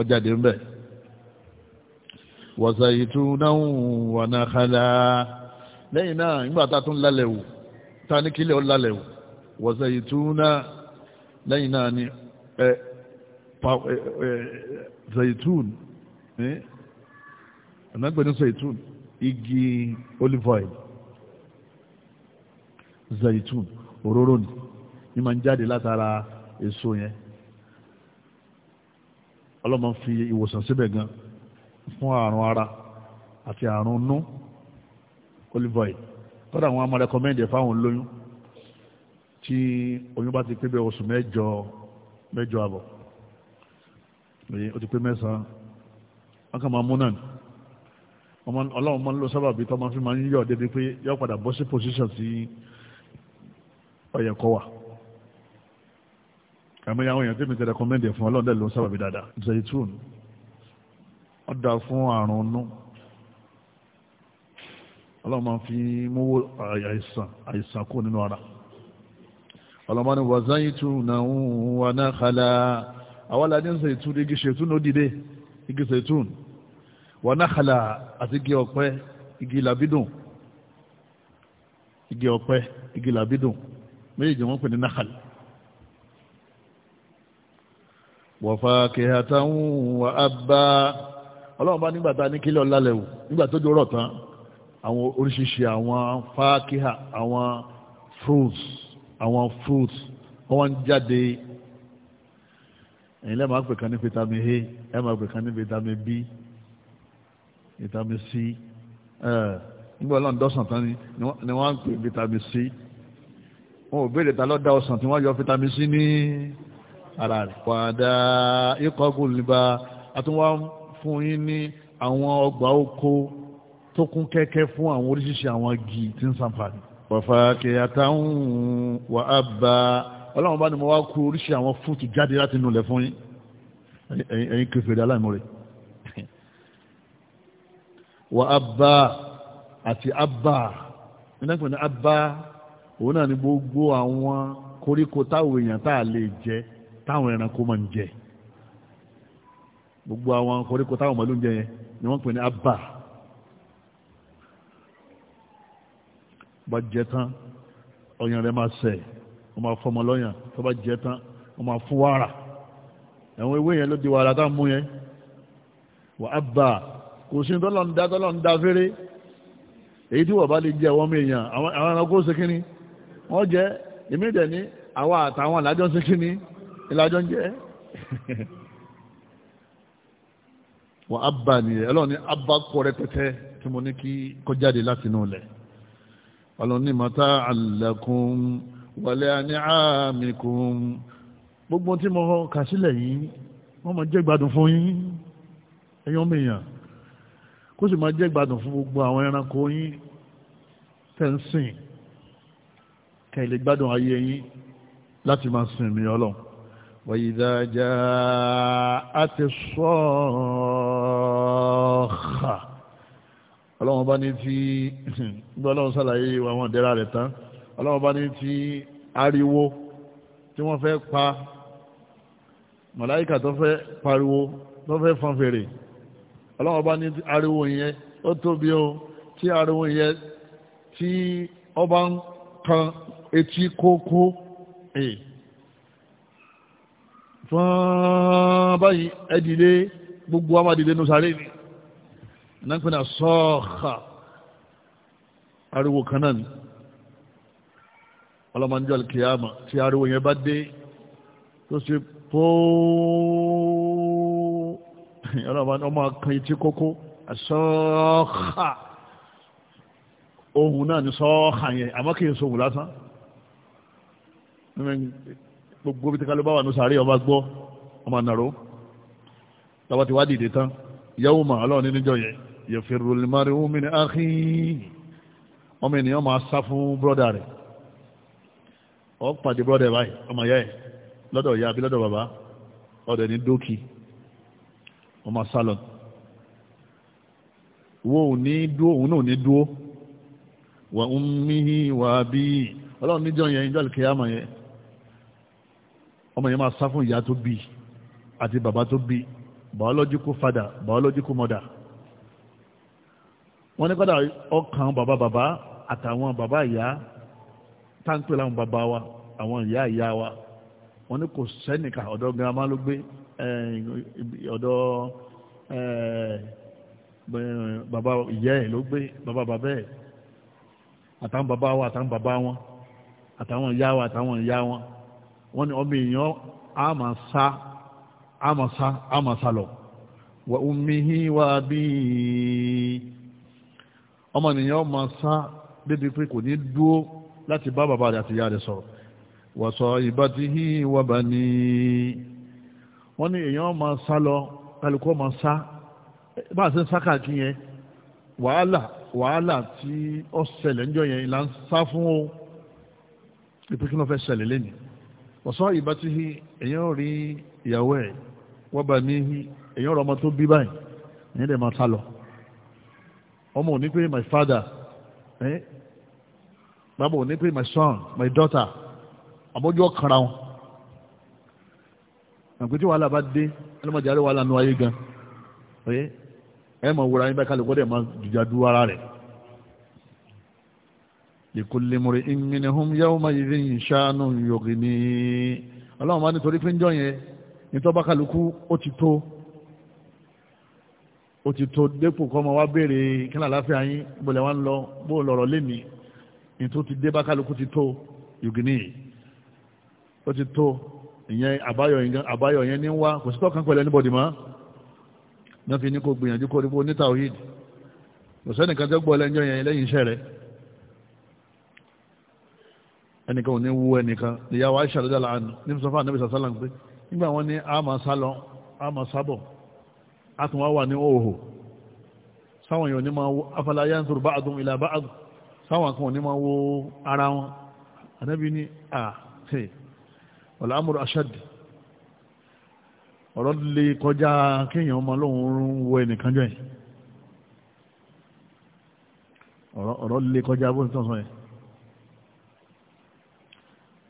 ọjáde ń bẹ̀ wọ̀sà ìtúnáhùn wọ̀nàkàlà lẹ́yìn náà nígbà tá a tún lálẹ̀ wò tá a ní kílẹ̀ ó lálẹ̀ wò wọ̀sà ìtúná lẹ́yìn náà ni ẹ igi olive oil zaitun òróró ni ní ń jáde látara èso yẹn ọlọ́mọ fi ìwòsàn síbẹ̀ gan fún àrùn ara àti àrùn nú olive kọ́dà wọn a máa rẹ́kọ́mẹ́ndì fáwọn olóyún tí oyún bá ti pé bẹ́ẹ̀ oṣù mẹ́jọ mẹ́jọ àbọ̀ ó ti pé mẹ́sàn-án wọn kàn máa mú náà ọlọ́run máa ń lo sábàbí tó máa fi máa ń yọ̀ débi pé yọ padà bọ́ sí pòsíṣàn tí ọ̀yẹ̀kọ́ wà ẹ̀mọ́ yàwọn èèyàn tẹ́mi ti rẹ̀kọ́mẹ́ndì ẹ̀ fún ọlọ́dẹ ló ń sábàbí dáadáa ìṣẹ̀yí tún ó dáa fún àrùn nú ọlọ́run máa fi mówó àìsàn àìsàn kú nínú ara ọlọ́run ní wàzáyí tún náà wà náà kálá àwọn aládé ń ṣe ìtún igi ṣètún ó dìde igi ṣètún wà náà kálá àti igi ọ̀pẹ igi làbídùn igi ọ̀pẹ igi làbídùn méjèèjì wọ́n pè ní náà kálá wafakihatan wa abba ọlọ́run bá nígbà tá a ní kílẹ̀ ọ̀lálẹ̀ wò nígbà tó dúró tán àwọn oríṣiríṣi àwọn fákíhà àwọn fruits àwọn fruits wọ́n ń jáde ẹ̀yin lẹ́ẹ̀ máa pè kan ní vitamin A ẹ̀ máa pè kan ní vitamin B vitamin C nígbà ọlọ́run dọ́sàn tán ni wọ́n ń pè vitamin C wọn ò béèrè ta ló dá ọsàn tí wọ́n yọ vitamin C ní. Ni ara rẹ̀ padà ikọ̀ gòlìbà àtúnwá fún yín ní àwọn ọgbà oko tó kún kẹ́kẹ́ fún àwọn oríṣiríṣi àwọn igi tí ń sàǹfààní. wàfà kẹyàtà ń wà á bá ọlọ́run bá ní mo wá kó oríṣi àwọn fúùtù jáde láti inú ilẹ̀ fún yín ẹ̀yin kẹfẹ́rẹ́ aláìmọ́rẹ́ wà á bá àti á iná pẹ̀lú á òun náà ni gbogbo àwọn koríko táwọn èèyàn tá a lè jẹ táwọn ẹranko máa ń jẹ gbogbo àwọn koríko táwọn màlúù ń jẹ ni wọ́n pè ní abba bá jẹ tán ọyàn rẹ máa sẹ̀ wọ́n máa fọmọ lọ́yàn tó bá jẹ tán wọ́n máa fún wàrà ẹ̀wọ̀n ewé yẹn ló di wàrà tá mú yẹn wà abba kò sí tọ́lọ̀ ń da tọ́lọ̀ ń da fèrè èyí tí wọ́n bá lè jẹ àwọn ọmọ èèyàn àwọn ẹranko ṣe kínní wọ́n jẹ ìmídẹ̀ ní àwa àtàwọn àlájọ́ ṣe kínní ìlàjọ ń jẹ́ wọ́n abba nìyẹn ọlọ́run ní abba kọ́ rẹpẹtẹ tí mo ní kí kọjáde láti inú ilẹ̀ ọlọ́run ní mata alakum wàlẹ́ àní àmìkùn gbogbo tí mo kà sílẹ̀ yìí wọ́n máa jẹ́ gbádùn fún yín ẹ̀yọ́ mìíràn kó sì máa jẹ́ gbádùn fún gbogbo àwọn ẹranko yín tẹ́ ń sìn kẹ́ lè gbádùn ayé yín láti máa sìn mí ọlọ́run وإذا جاءت الصاخة ọlọ́wọ́n bá ní tí ọlọ́wọ́n sàlàyé àwọn ìdẹ́ra rẹ̀ tán ọlọ́wọ́n bá ní tí ariwo tí wọ́n fẹ́ pa màláíkà tó fẹ́ pariwo tó fẹ́ fan fèrè ọlọ́wọ́n bá ní ariwo yẹn ó tóbi o tí ariwo yẹn tí ọba ń kan etí kókó èè eh, fún báyìí ẹ̀dìlé gbogbo wa máa dìde nù sáré ni nàpẹ́ náà sọ́ọ̀kà ariwo kan náà ni ọlọ́mọdé alkiyama tí ariwo yẹn bá dé tó ṣe póó ọlọ́mọdé ọmọ kan etí kókó sọ́ọ̀kà ohun náà ni sọ́ọ̀kà yẹn àmọ́ kì í sọ ohun lásán gbogbo bí tíkalu bá wà ní sàárè ọba gbọ́ ọmọ ànàró tàbá ti wá dìde tán ìyàwó mà ọlọ́run ní níjọ yẹn yafirru al-mar'u min akhihi ọmọ ènìyàn máa sá fún bọ́dà rẹ̀ ọ pàdé bọ́dà ẹ̀ báyìí ọmọ ìyá ẹ̀ lọ́dọ̀ ìyá àbí lọ́dọ̀ bàbá ọ̀dẹ̀ ní dókì ọmọ sálọ̀ wo ò dúó òun náà ní dúó wà ń míhí wà bí ọlọ́run níjọ yẹn ìjọ àlùkìyàmọ̀ yẹn ọmọ yẹn máa sá fún ìyá tó bí àti bàbá tó bí biological father biological mother wọ́n ní kọ́dà ọkàn bàbá bàbá àtàwọn bàbá ìyá táǹpẹ̀ láwọn bàbá wa àwọn ìyá ìyá wa wọ́n ní kò sẹ́nìkà ọ̀dọ̀ girama ló gbé eh, ọ̀dọ̀ eh, bàbá ìyá ẹ̀ ló gbé bàbá bàbá ẹ̀ àtàwọn bàbá wa àtàwọn bàbá wọn àtàwọn ìyá wa àtàwọn ìyá wọn wọ́n ní ọmọ èèyàn àmàsá àmàsá àmàsá lọ wà ummihi wà bí ọmọ ènìyàn máa sá débi pé kò ní dúó láti bá bàbá rẹ̀ àti ìyá rẹ̀ sọ̀rọ̀ wà sọ ìbátihi wà bá ní wọ́n ní èèyàn máa sá lọ kálukọ́ máa sá bá a ṣe ń sá káàkiri yẹn wàhálà wàhálà tí ó ṣẹlẹ̀ ń jọ yẹn ìlànà sá fún ó ìpínlẹ̀ fẹ́ ṣẹlẹ̀ lẹ́nìí wọ̀sán ìbátíhì èyàn rí ìyàwó ẹ̀ wọ́n bá ní èyàn rọmọ tó bí báyìí ní ilẹ̀ máa sálọ ọmọ òní pé my father eh? bàbá òní pé my son my daughter àbójú ọ̀kanra wọn àpò tí wàhálà bá dé ẹlọ́mọdé àríwá lánàá ayé gan ẹ mọ̀ wúra yín bá kálukọ́ dẹ̀ máa jùjà du ara rẹ̀ lèkúlè múrí ìmìnihun yóò máa yìí ń ṣàánú yògì ní ọlọ́run máa nítorí pé ń jọ yẹn nítọ́bá kálukú ó ti tó ó ti tó dépò kọ́ ọmọ wa béèrè kí ní àlàáfíà yín bọ̀lẹ̀ wá ń lọ bó lọ̀rọ̀ lémi ètò ti dé bá kálukú ti tó yògì ó ti tó ìyẹn àbáyọ yẹn ní wá kò sí tọ́kàn pẹ̀lú ẹnibọ̀dì mọ́ ní wọ́n fi ní kó gbìyànjú kó rí bó ní tàwíìdì kò sẹ́nìkan tó gbọ́ lẹ́yìn iṣẹ́ rẹ̀ ẹnìkan ò ní wú ẹnìkan ìyàwó aisha lọ́jà láàánú ní sọ fún anábìsà sálà ń pé nígbà wọn ní àmà sálọ àmà sábọ̀ àtúnwá wà ní òhò sáwọn èèyàn ní máa wo afalaya ń sọ̀rọ̀ báàdùn ìlà báàdùn sáwọn kan ò ní máa wo ara wọn anábì ní à tè ọ̀là amúrò aṣáàdì ọ̀rọ̀ lè kọjá kéèyàn ọmọ lóun wo ẹnìkan jọ yìí ọ̀rọ̀ lè kọjá bó ń tàn sọ yìí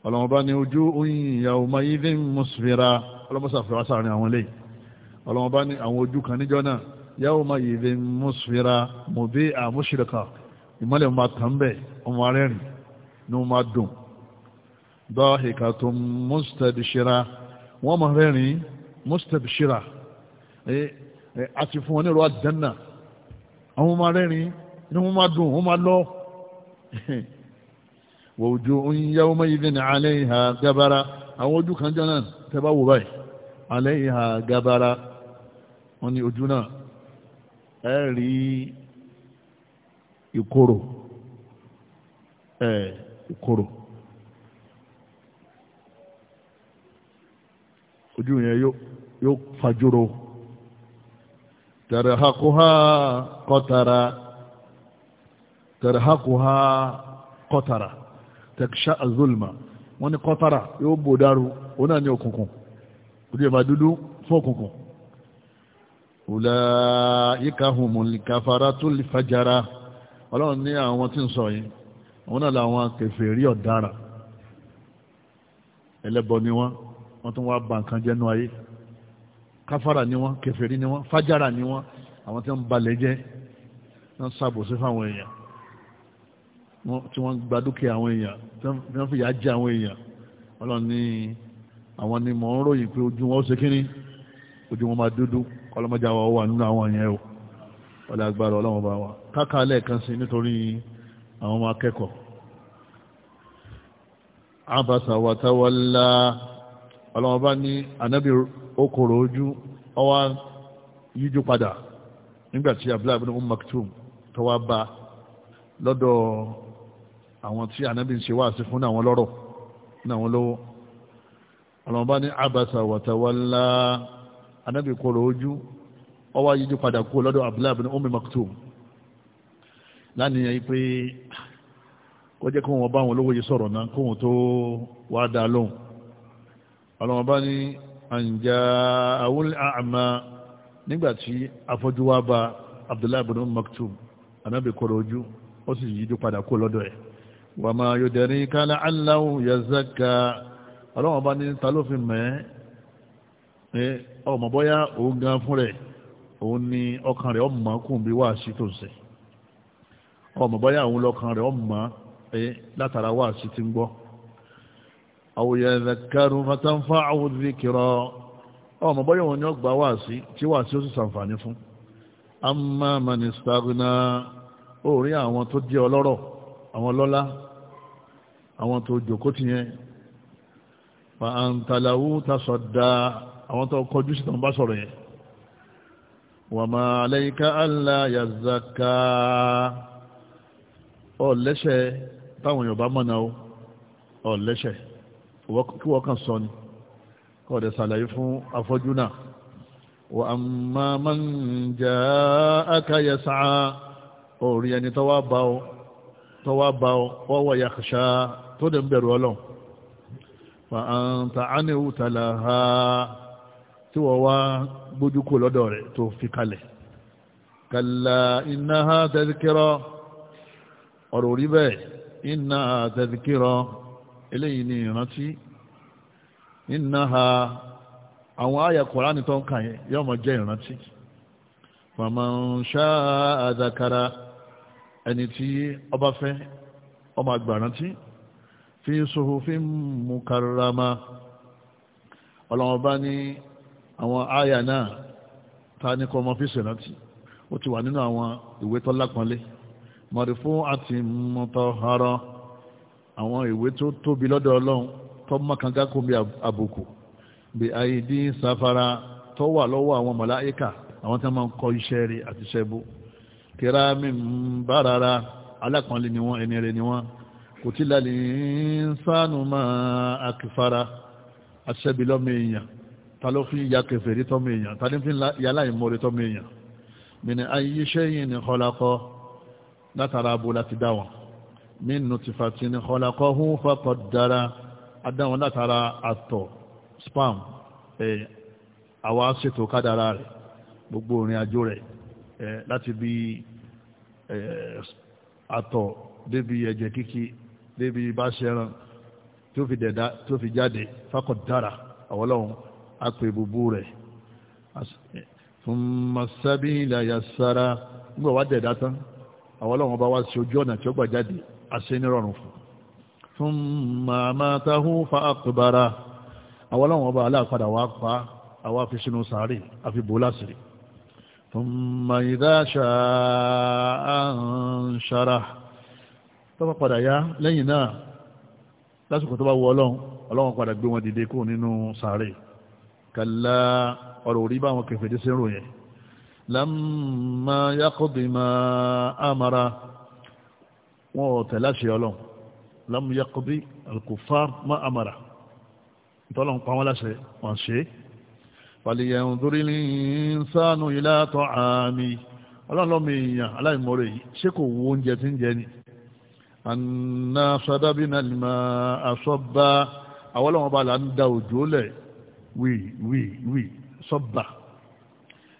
ọlọ́run bá ní ojú oyin ìyàwó máa yí dín mùsùlùmíra ọlọ́mọsàfẹ́wá sáàrin àwọn ilé ọlọ́run bá ní àwọn ojú kan níjọ́ náà yàwó máa yí dín mùsùlùmíra mò bí àmúṣìlẹ̀kà ìmọ́lẹ̀ máa tàn bẹ̀ ọmọ arẹ́rìn ní wọ́n máa dùn bá ìkà tó mùsùlùmíra wọ́n máa rẹ́rìn mùsùlùmíra a ti fún wọn nílò àdánà àwọn máa rẹ́rìn ní wọ́n máa dùn wọ́n máa lọ wòjú yàwó mọ́ ibi ní alẹ́ ìhà gabara àwọn ojú kan jọ náà tẹ́bá wò báyìí alẹ́ ìhà gabara wọ́n ní ojú náà ẹ rí ìkorò ẹ ìkorò ojú yẹn yóò fajúro tẹ̀rẹ̀hákúhá kọ́tara tẹ̀rẹ̀hákúhá kọ́tara tẹ̀kṣá azulma wọ́n ní kọ́tara yóò bò dáru ó náà ní òkùnkùn orí ẹ̀bà dúdú fún òkùnkùn ulaika humul kafaratul fajara ọlọ́run ní àwọn tí ń sọ yìí àwọn náà làwọn kèfèrí ọ̀daràn ẹlẹ́bọ ni wọ́n wọ́n tún wá ba nǹkan jẹ́nu ayé káfàrà ni wọ́n kèfèrí ni wọ́n fájára ni wọ́n àwọn tí ń balẹ̀ jẹ́ wọ́n ń ṣàbòsí fáwọn èèyàn tí wọ́n gba dúkìá àwọn èèyàn tí wọ́n fìyà jẹ àwọn èèyàn ọlọ́run ní àwọn ni mò ń ròyìn pé ojú wọn ó ṣe kínní ojú wọn máa dúdú ọlọ́mọdé àwọn wà nínú àwọn yẹn o ọlọ́ agbára ọlọ́run bá wà káka lẹ́ẹ̀kan sí nítorí àwọn ọmọ akẹ́kọ̀ọ́ abasa watawalla ọlọ́run bá ní anábì okòrò ojú ọwá yíjú padà nígbàtí abúlé abúlé Umm Maktum tọwá bá lọ́dọ̀ àwọn tí ànábì ń ṣe wá sí fún àwọn lọ́rọ̀ ní àwọn lówó ọlọ́run bá ní abasa wàtàwálá ànábì kọrọ ojú ọwá yíjú padà kú lọ́dọ̀ Abdullah bin Ummi Maktum lánìyàn pé kó jẹ́ kó wọn bá wọn lówó yìí sọ̀rọ̀ náà kó wọn tó wá dá lóhùn ọlọ́run bá ní àǹjà àwọn àmà nígbàtí afọ́jú wá bá Abdullah bin Ummi Maktum ànábì kọrọ ojú ó sì yíjú padà kú lọ́dọ̀ ẹ̀ wa ma yudrika la'allahu yazakka ọlọ́wọ́n bá ní ta ló fi mẹ́ ẹ ọmọ bọ́yá òun gan fún rẹ̀ òun ni ọkàn rẹ̀ ọmọ kùn bí wàá sí tó sẹ̀ ọmọ bọ́yá òun lọ́kàn rẹ̀ ọmọ ẹ látara wàá sí ti ń gbọ́ aw yadhakkaru fatanfa'u dhikra ọmọ bọ́yá òun ni ọgbà wàá sí tí wàá sí ó sì fún àwọn tó ọlọ́rọ̀ àwọn lọ́lá àwọn tó jòkó ti yẹn fa àǹtàlàwú tasọ̀dá àwọn tó kọjú sí tàbí bá sọ̀rọ̀ yẹn wà máa alayka alla yazaka ọ̀lẹ́ṣẹ̀ táwọn Yorùbá mọ̀nà ọ̀lẹ́ṣẹ̀ kí wọ́n kàn sọ ni kọ́ọ̀dẹ̀ sàlàyé fún afọ́jú náà wà amma man ja'aka yas'a orí ẹni tó bá ọ tọ́wá bá ọ wọ́wọ́ ya ṣá tó dẹ̀ ń bẹ̀rù ọlọ́run fa àǹtà ánìwò tààlà ha tí wọ́n wá gbójú kò lọ́dọ̀ rẹ̀ tó fi kalẹ̀ kàlà iná ha tẹ́síkírọ́ ọ̀rọ̀ orí bẹ́ẹ̀ iná tẹ́síkírọ́ eléyìí ni ìrántí iná ha àwọn àyà Kùránì ẹni tí ọba fẹ́ ọmọ àgbàrántí fi suhufin mukarrama ọlọ́wọ́n bá ní àwọn àyà náà ta ní kọ́ ọmọ fíṣẹ̀ rántí ó ti wà nínú àwọn ìwé tó lápọ́nlé marfu àti mutahhara àwọn ìwé tó tóbi lọ́dọ̀ ọlọ́run tó mọ́kànká kó bí àbùkù bí àìdí sáfara tó wà lọ́wọ́ àwọn màláíkà àwọn tí wọ́n máa ń kọ iṣẹ́ rí àti iṣẹ́ bó kiramin barara alákànlé ni wọ́n ẹni rẹ̀ ni wọ́n kutila linsanu ma akfara aṣẹ́bi lọ́mọ èèyàn ta ló fi ya kèfèrí tọ́mọ èèyàn ta ní fi yálà ìmọ̀re tọ́mọ èèyàn min ayyi shay'in khalaqa látara abo láti dá wọn min nutfatin khalaqahu faqaddara adáwọn látara àtọ̀ spam àwa ṣètò kádàrá rẹ̀ gbogbo ìrìn àjò rẹ̀ láti bí Eh, àtọ̀ débi ẹ̀jẹ̀ kíkí débi bá ṣẹran tí ó fi dẹ̀dá tí ó fi jáde fákọ̀ dára àwọlọ́hun á pè bubú rẹ̀ fún masábìlà yasara nígbà wá dẹ̀dá tán àwọlọ́hun bá wá sí ojú ọ̀nà tí ó gbà jáde àṣẹ nírọ̀rùn fún fún màmátáhù fa àkùbára àwọlọ́hun bá aláàpadà wá pa àwa fi sínú sàárè àfi bò láṣìírí ثم إذا شاء أنشره tọ́pọ̀ padà yá lẹ́yìn náà lásìkò tó bá wọ ọlọ́run ọlọ́run padà gbé wọn dìde kúrò nínú sàárè kàlá ọ̀rọ̀ orí báwọn kẹfẹ̀dé sí rò yẹn lámà yákòdì máa àmàrà wọn ò tẹ̀ láṣẹ ọlọ́run lámà yákòdì alkùfà máa àmàrà ìtọ́lọ́run pa wọn láṣẹ wọn ṣe é fàlìyàndúrí ní sánú ilá tọ́ àmì ọlọ́lọ́mọ èèyàn aláìmọ̀rẹ́ yìí ṣé kò wo oúnjẹ tí ń jẹ ni àná sọdábìnà lima àsọ́bà àwọn ọlọ́wọ́n bá là ń da òjò lẹ̀ wì wì wì sọ́bà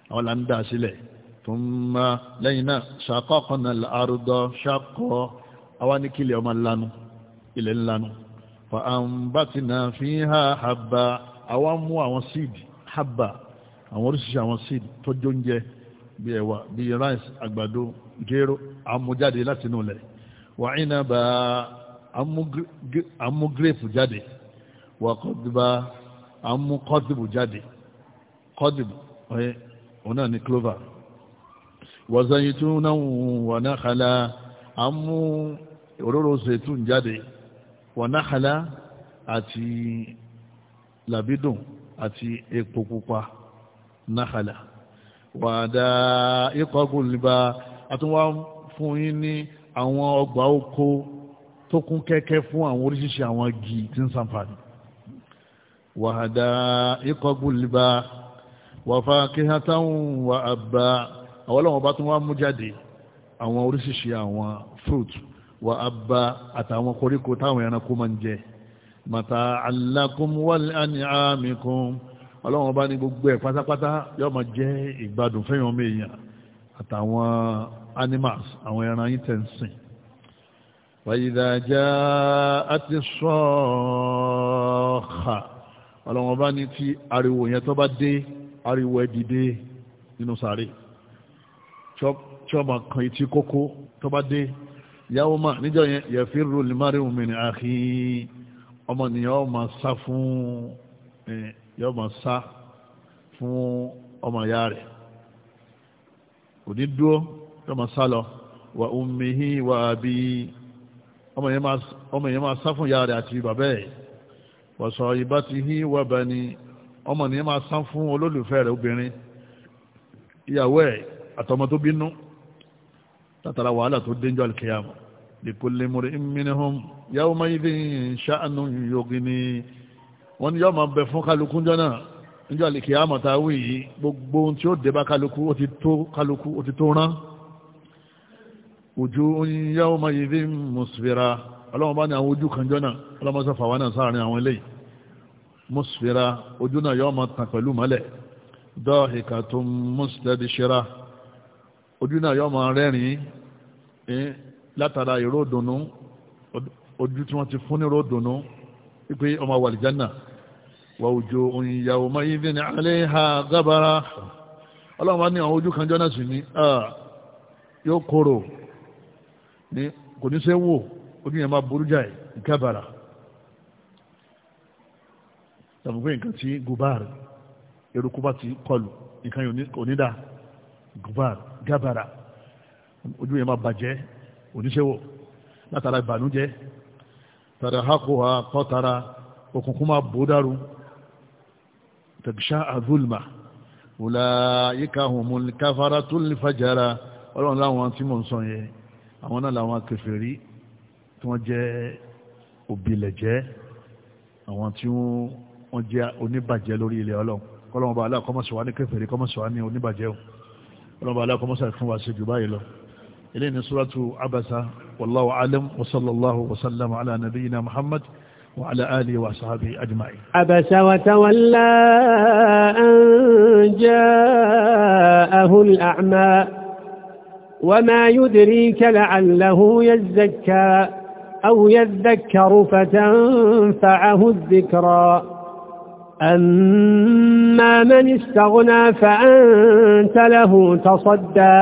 àwọn là ń da sílẹ̀ tó ń ma lẹ́yìn náà ṣàkọ́kànnà àrùdọ̀ ṣàkọ́ àwọn ní kílẹ̀ ọmọ lanu ilẹ̀ ńlanu fa àǹbátìnà fi ń ha àbá àwọn mú àwọn síìdì habba àwọn oríṣiríṣi àwọn seed tọ́jú oúnjẹ bí ẹ̀wà bí rice àgbàdo gero àmújáde láti inú ilẹ̀ wà ìnàbà àmú grape jáde wà kọ́dìbà àmú kọ́dìbù jáde kọ́dìbù ọ̀yẹ́ òun náà ni clover wà zayitun náà wà náxàlá àmú òróró zayitun jáde wà náxàlá àti làbídùn àti epo pupa náhàlà wàdà ikọ̀ gòlìbà àtúnwá fún yín ní àwọn ọgbà oko tó kún kẹ́kẹ́ fún àwọn oríṣiríṣi àwọn igi tí ń sàǹfààní wàdà ikọ̀ gòlìbà wàfà kíhátáhùn wà àbá àwọn ọlọ́wọ́n bá tún wá mú jáde àwọn oríṣiríṣi àwọn fruit wà àbá àtàwọn koríko táwọn ẹranko máa ń jẹ mata'an lakum wa li an'amikum ọlọ́run bá ní gbogbo ẹ̀ pátápátá yóò máa jẹ́ ìgbádùn fẹ́yàn méèyàn àtàwọn animals àwọn ẹran yìí tẹ̀ ń sìn wa idha ja'ati s-sakha ọlọ́run bá ní tí ariwo yẹn tó bá dé ariwo ẹ̀ dìde nínú sàárè tí kan etí kókó tó bá dé yawma níjọ́ yẹn yafirru l-mar'u min akhihi ọmọnìyàn ó máa sá fún yóò máa sá fún ọmọ ìyá rẹ̀ òní dúró yóò máa sá lọ wà ummihi wà bí ọmọ ìyẹn máa sá fún ìyá rẹ̀ àti bàbá ẹ̀ wà sahibatihi wà bani ọmọ máa sá fún olólùfẹ́ rẹ̀ obìnrin ìyàwó ẹ̀ àtọmọ tó bínú látara wàhálà tó dénjọ́ àlùkìyàmù لكل امرئ منهم يومئذ شأن يغني wọ́n ní yọ́ ma bẹ fún kálukú jọ́nà níjọ́ àlèkè àmọ̀ta wí yìí gbogbo ohun tí ó dé bá kálukú ó ti tó kálukú ó ti tó rán ojú ma yìí fi mùsùfìrà ọlọ́wọ́n bá ní àwọn ojú kan jọ́nà ọlọ́mọsọ fàwọn náà sáàrin àwọn ojú náà yọ́ ma tàn pẹ̀lú mọ́lẹ̀ dọ́ọ̀hìkà tó mùsùlẹ́dìṣẹ́ra ojú náà yọ́ ma rẹ́rìn-ín látara ìró ìdùnnú ojú tí wọ́n ti fún ní ìró ìdùnnú wípé ọmọ wàlìjánà wà òjò òyìnyàwó máa yí bíi ní alẹ́ ha gábára ọlọ́run wá ní àwọn ojú kan jọ́nà sí ní yóò kóró ní kò ní ṣe wò ojú yẹn máa burú jáì gábára tàbí nǹkan tí gubar eruku bá ti kọlù nǹkan yóò ní dáa gubar gábára ojú yẹn máa bàjẹ́ oníṣẹ́wọ̀ látara ìbànújẹ́ tàdà hákòhà kọ́tara òkùnkùn máa bó dárú tàbíṣá àzúlmà wùlá yíká hùmùn káfàrà tó lè fàjára ọlọ́run láwọn tí mò ń sọ yẹn àwọn náà làwọn kèfèrí tí wọ́n jẹ́ òbílẹ̀jẹ́ àwọn tí wọ́n jẹ́ oníbàjẹ́ lórí ilẹ̀ ọlọ́run kọ́lọ́mọba aláàkọ́mọ̀sọ̀wá ní kèfèrí kọ́mọ̀sọ̀wá ní oníbàjẹ́ ọlọ́mọba aláàkọ́mọ̀sọ̀wá fún wa ṣe jù báyìí lọ إليه سورة عبسة والله أعلم وصلى الله وسلم على نبينا محمد وعلى آله وأصحابه أجمعين عبس وتولى أن جاءه الأعمى وما يدريك لعله يزكى أو يذكر فتنفعه الذكرى أما من استغنى فأنت له تصدى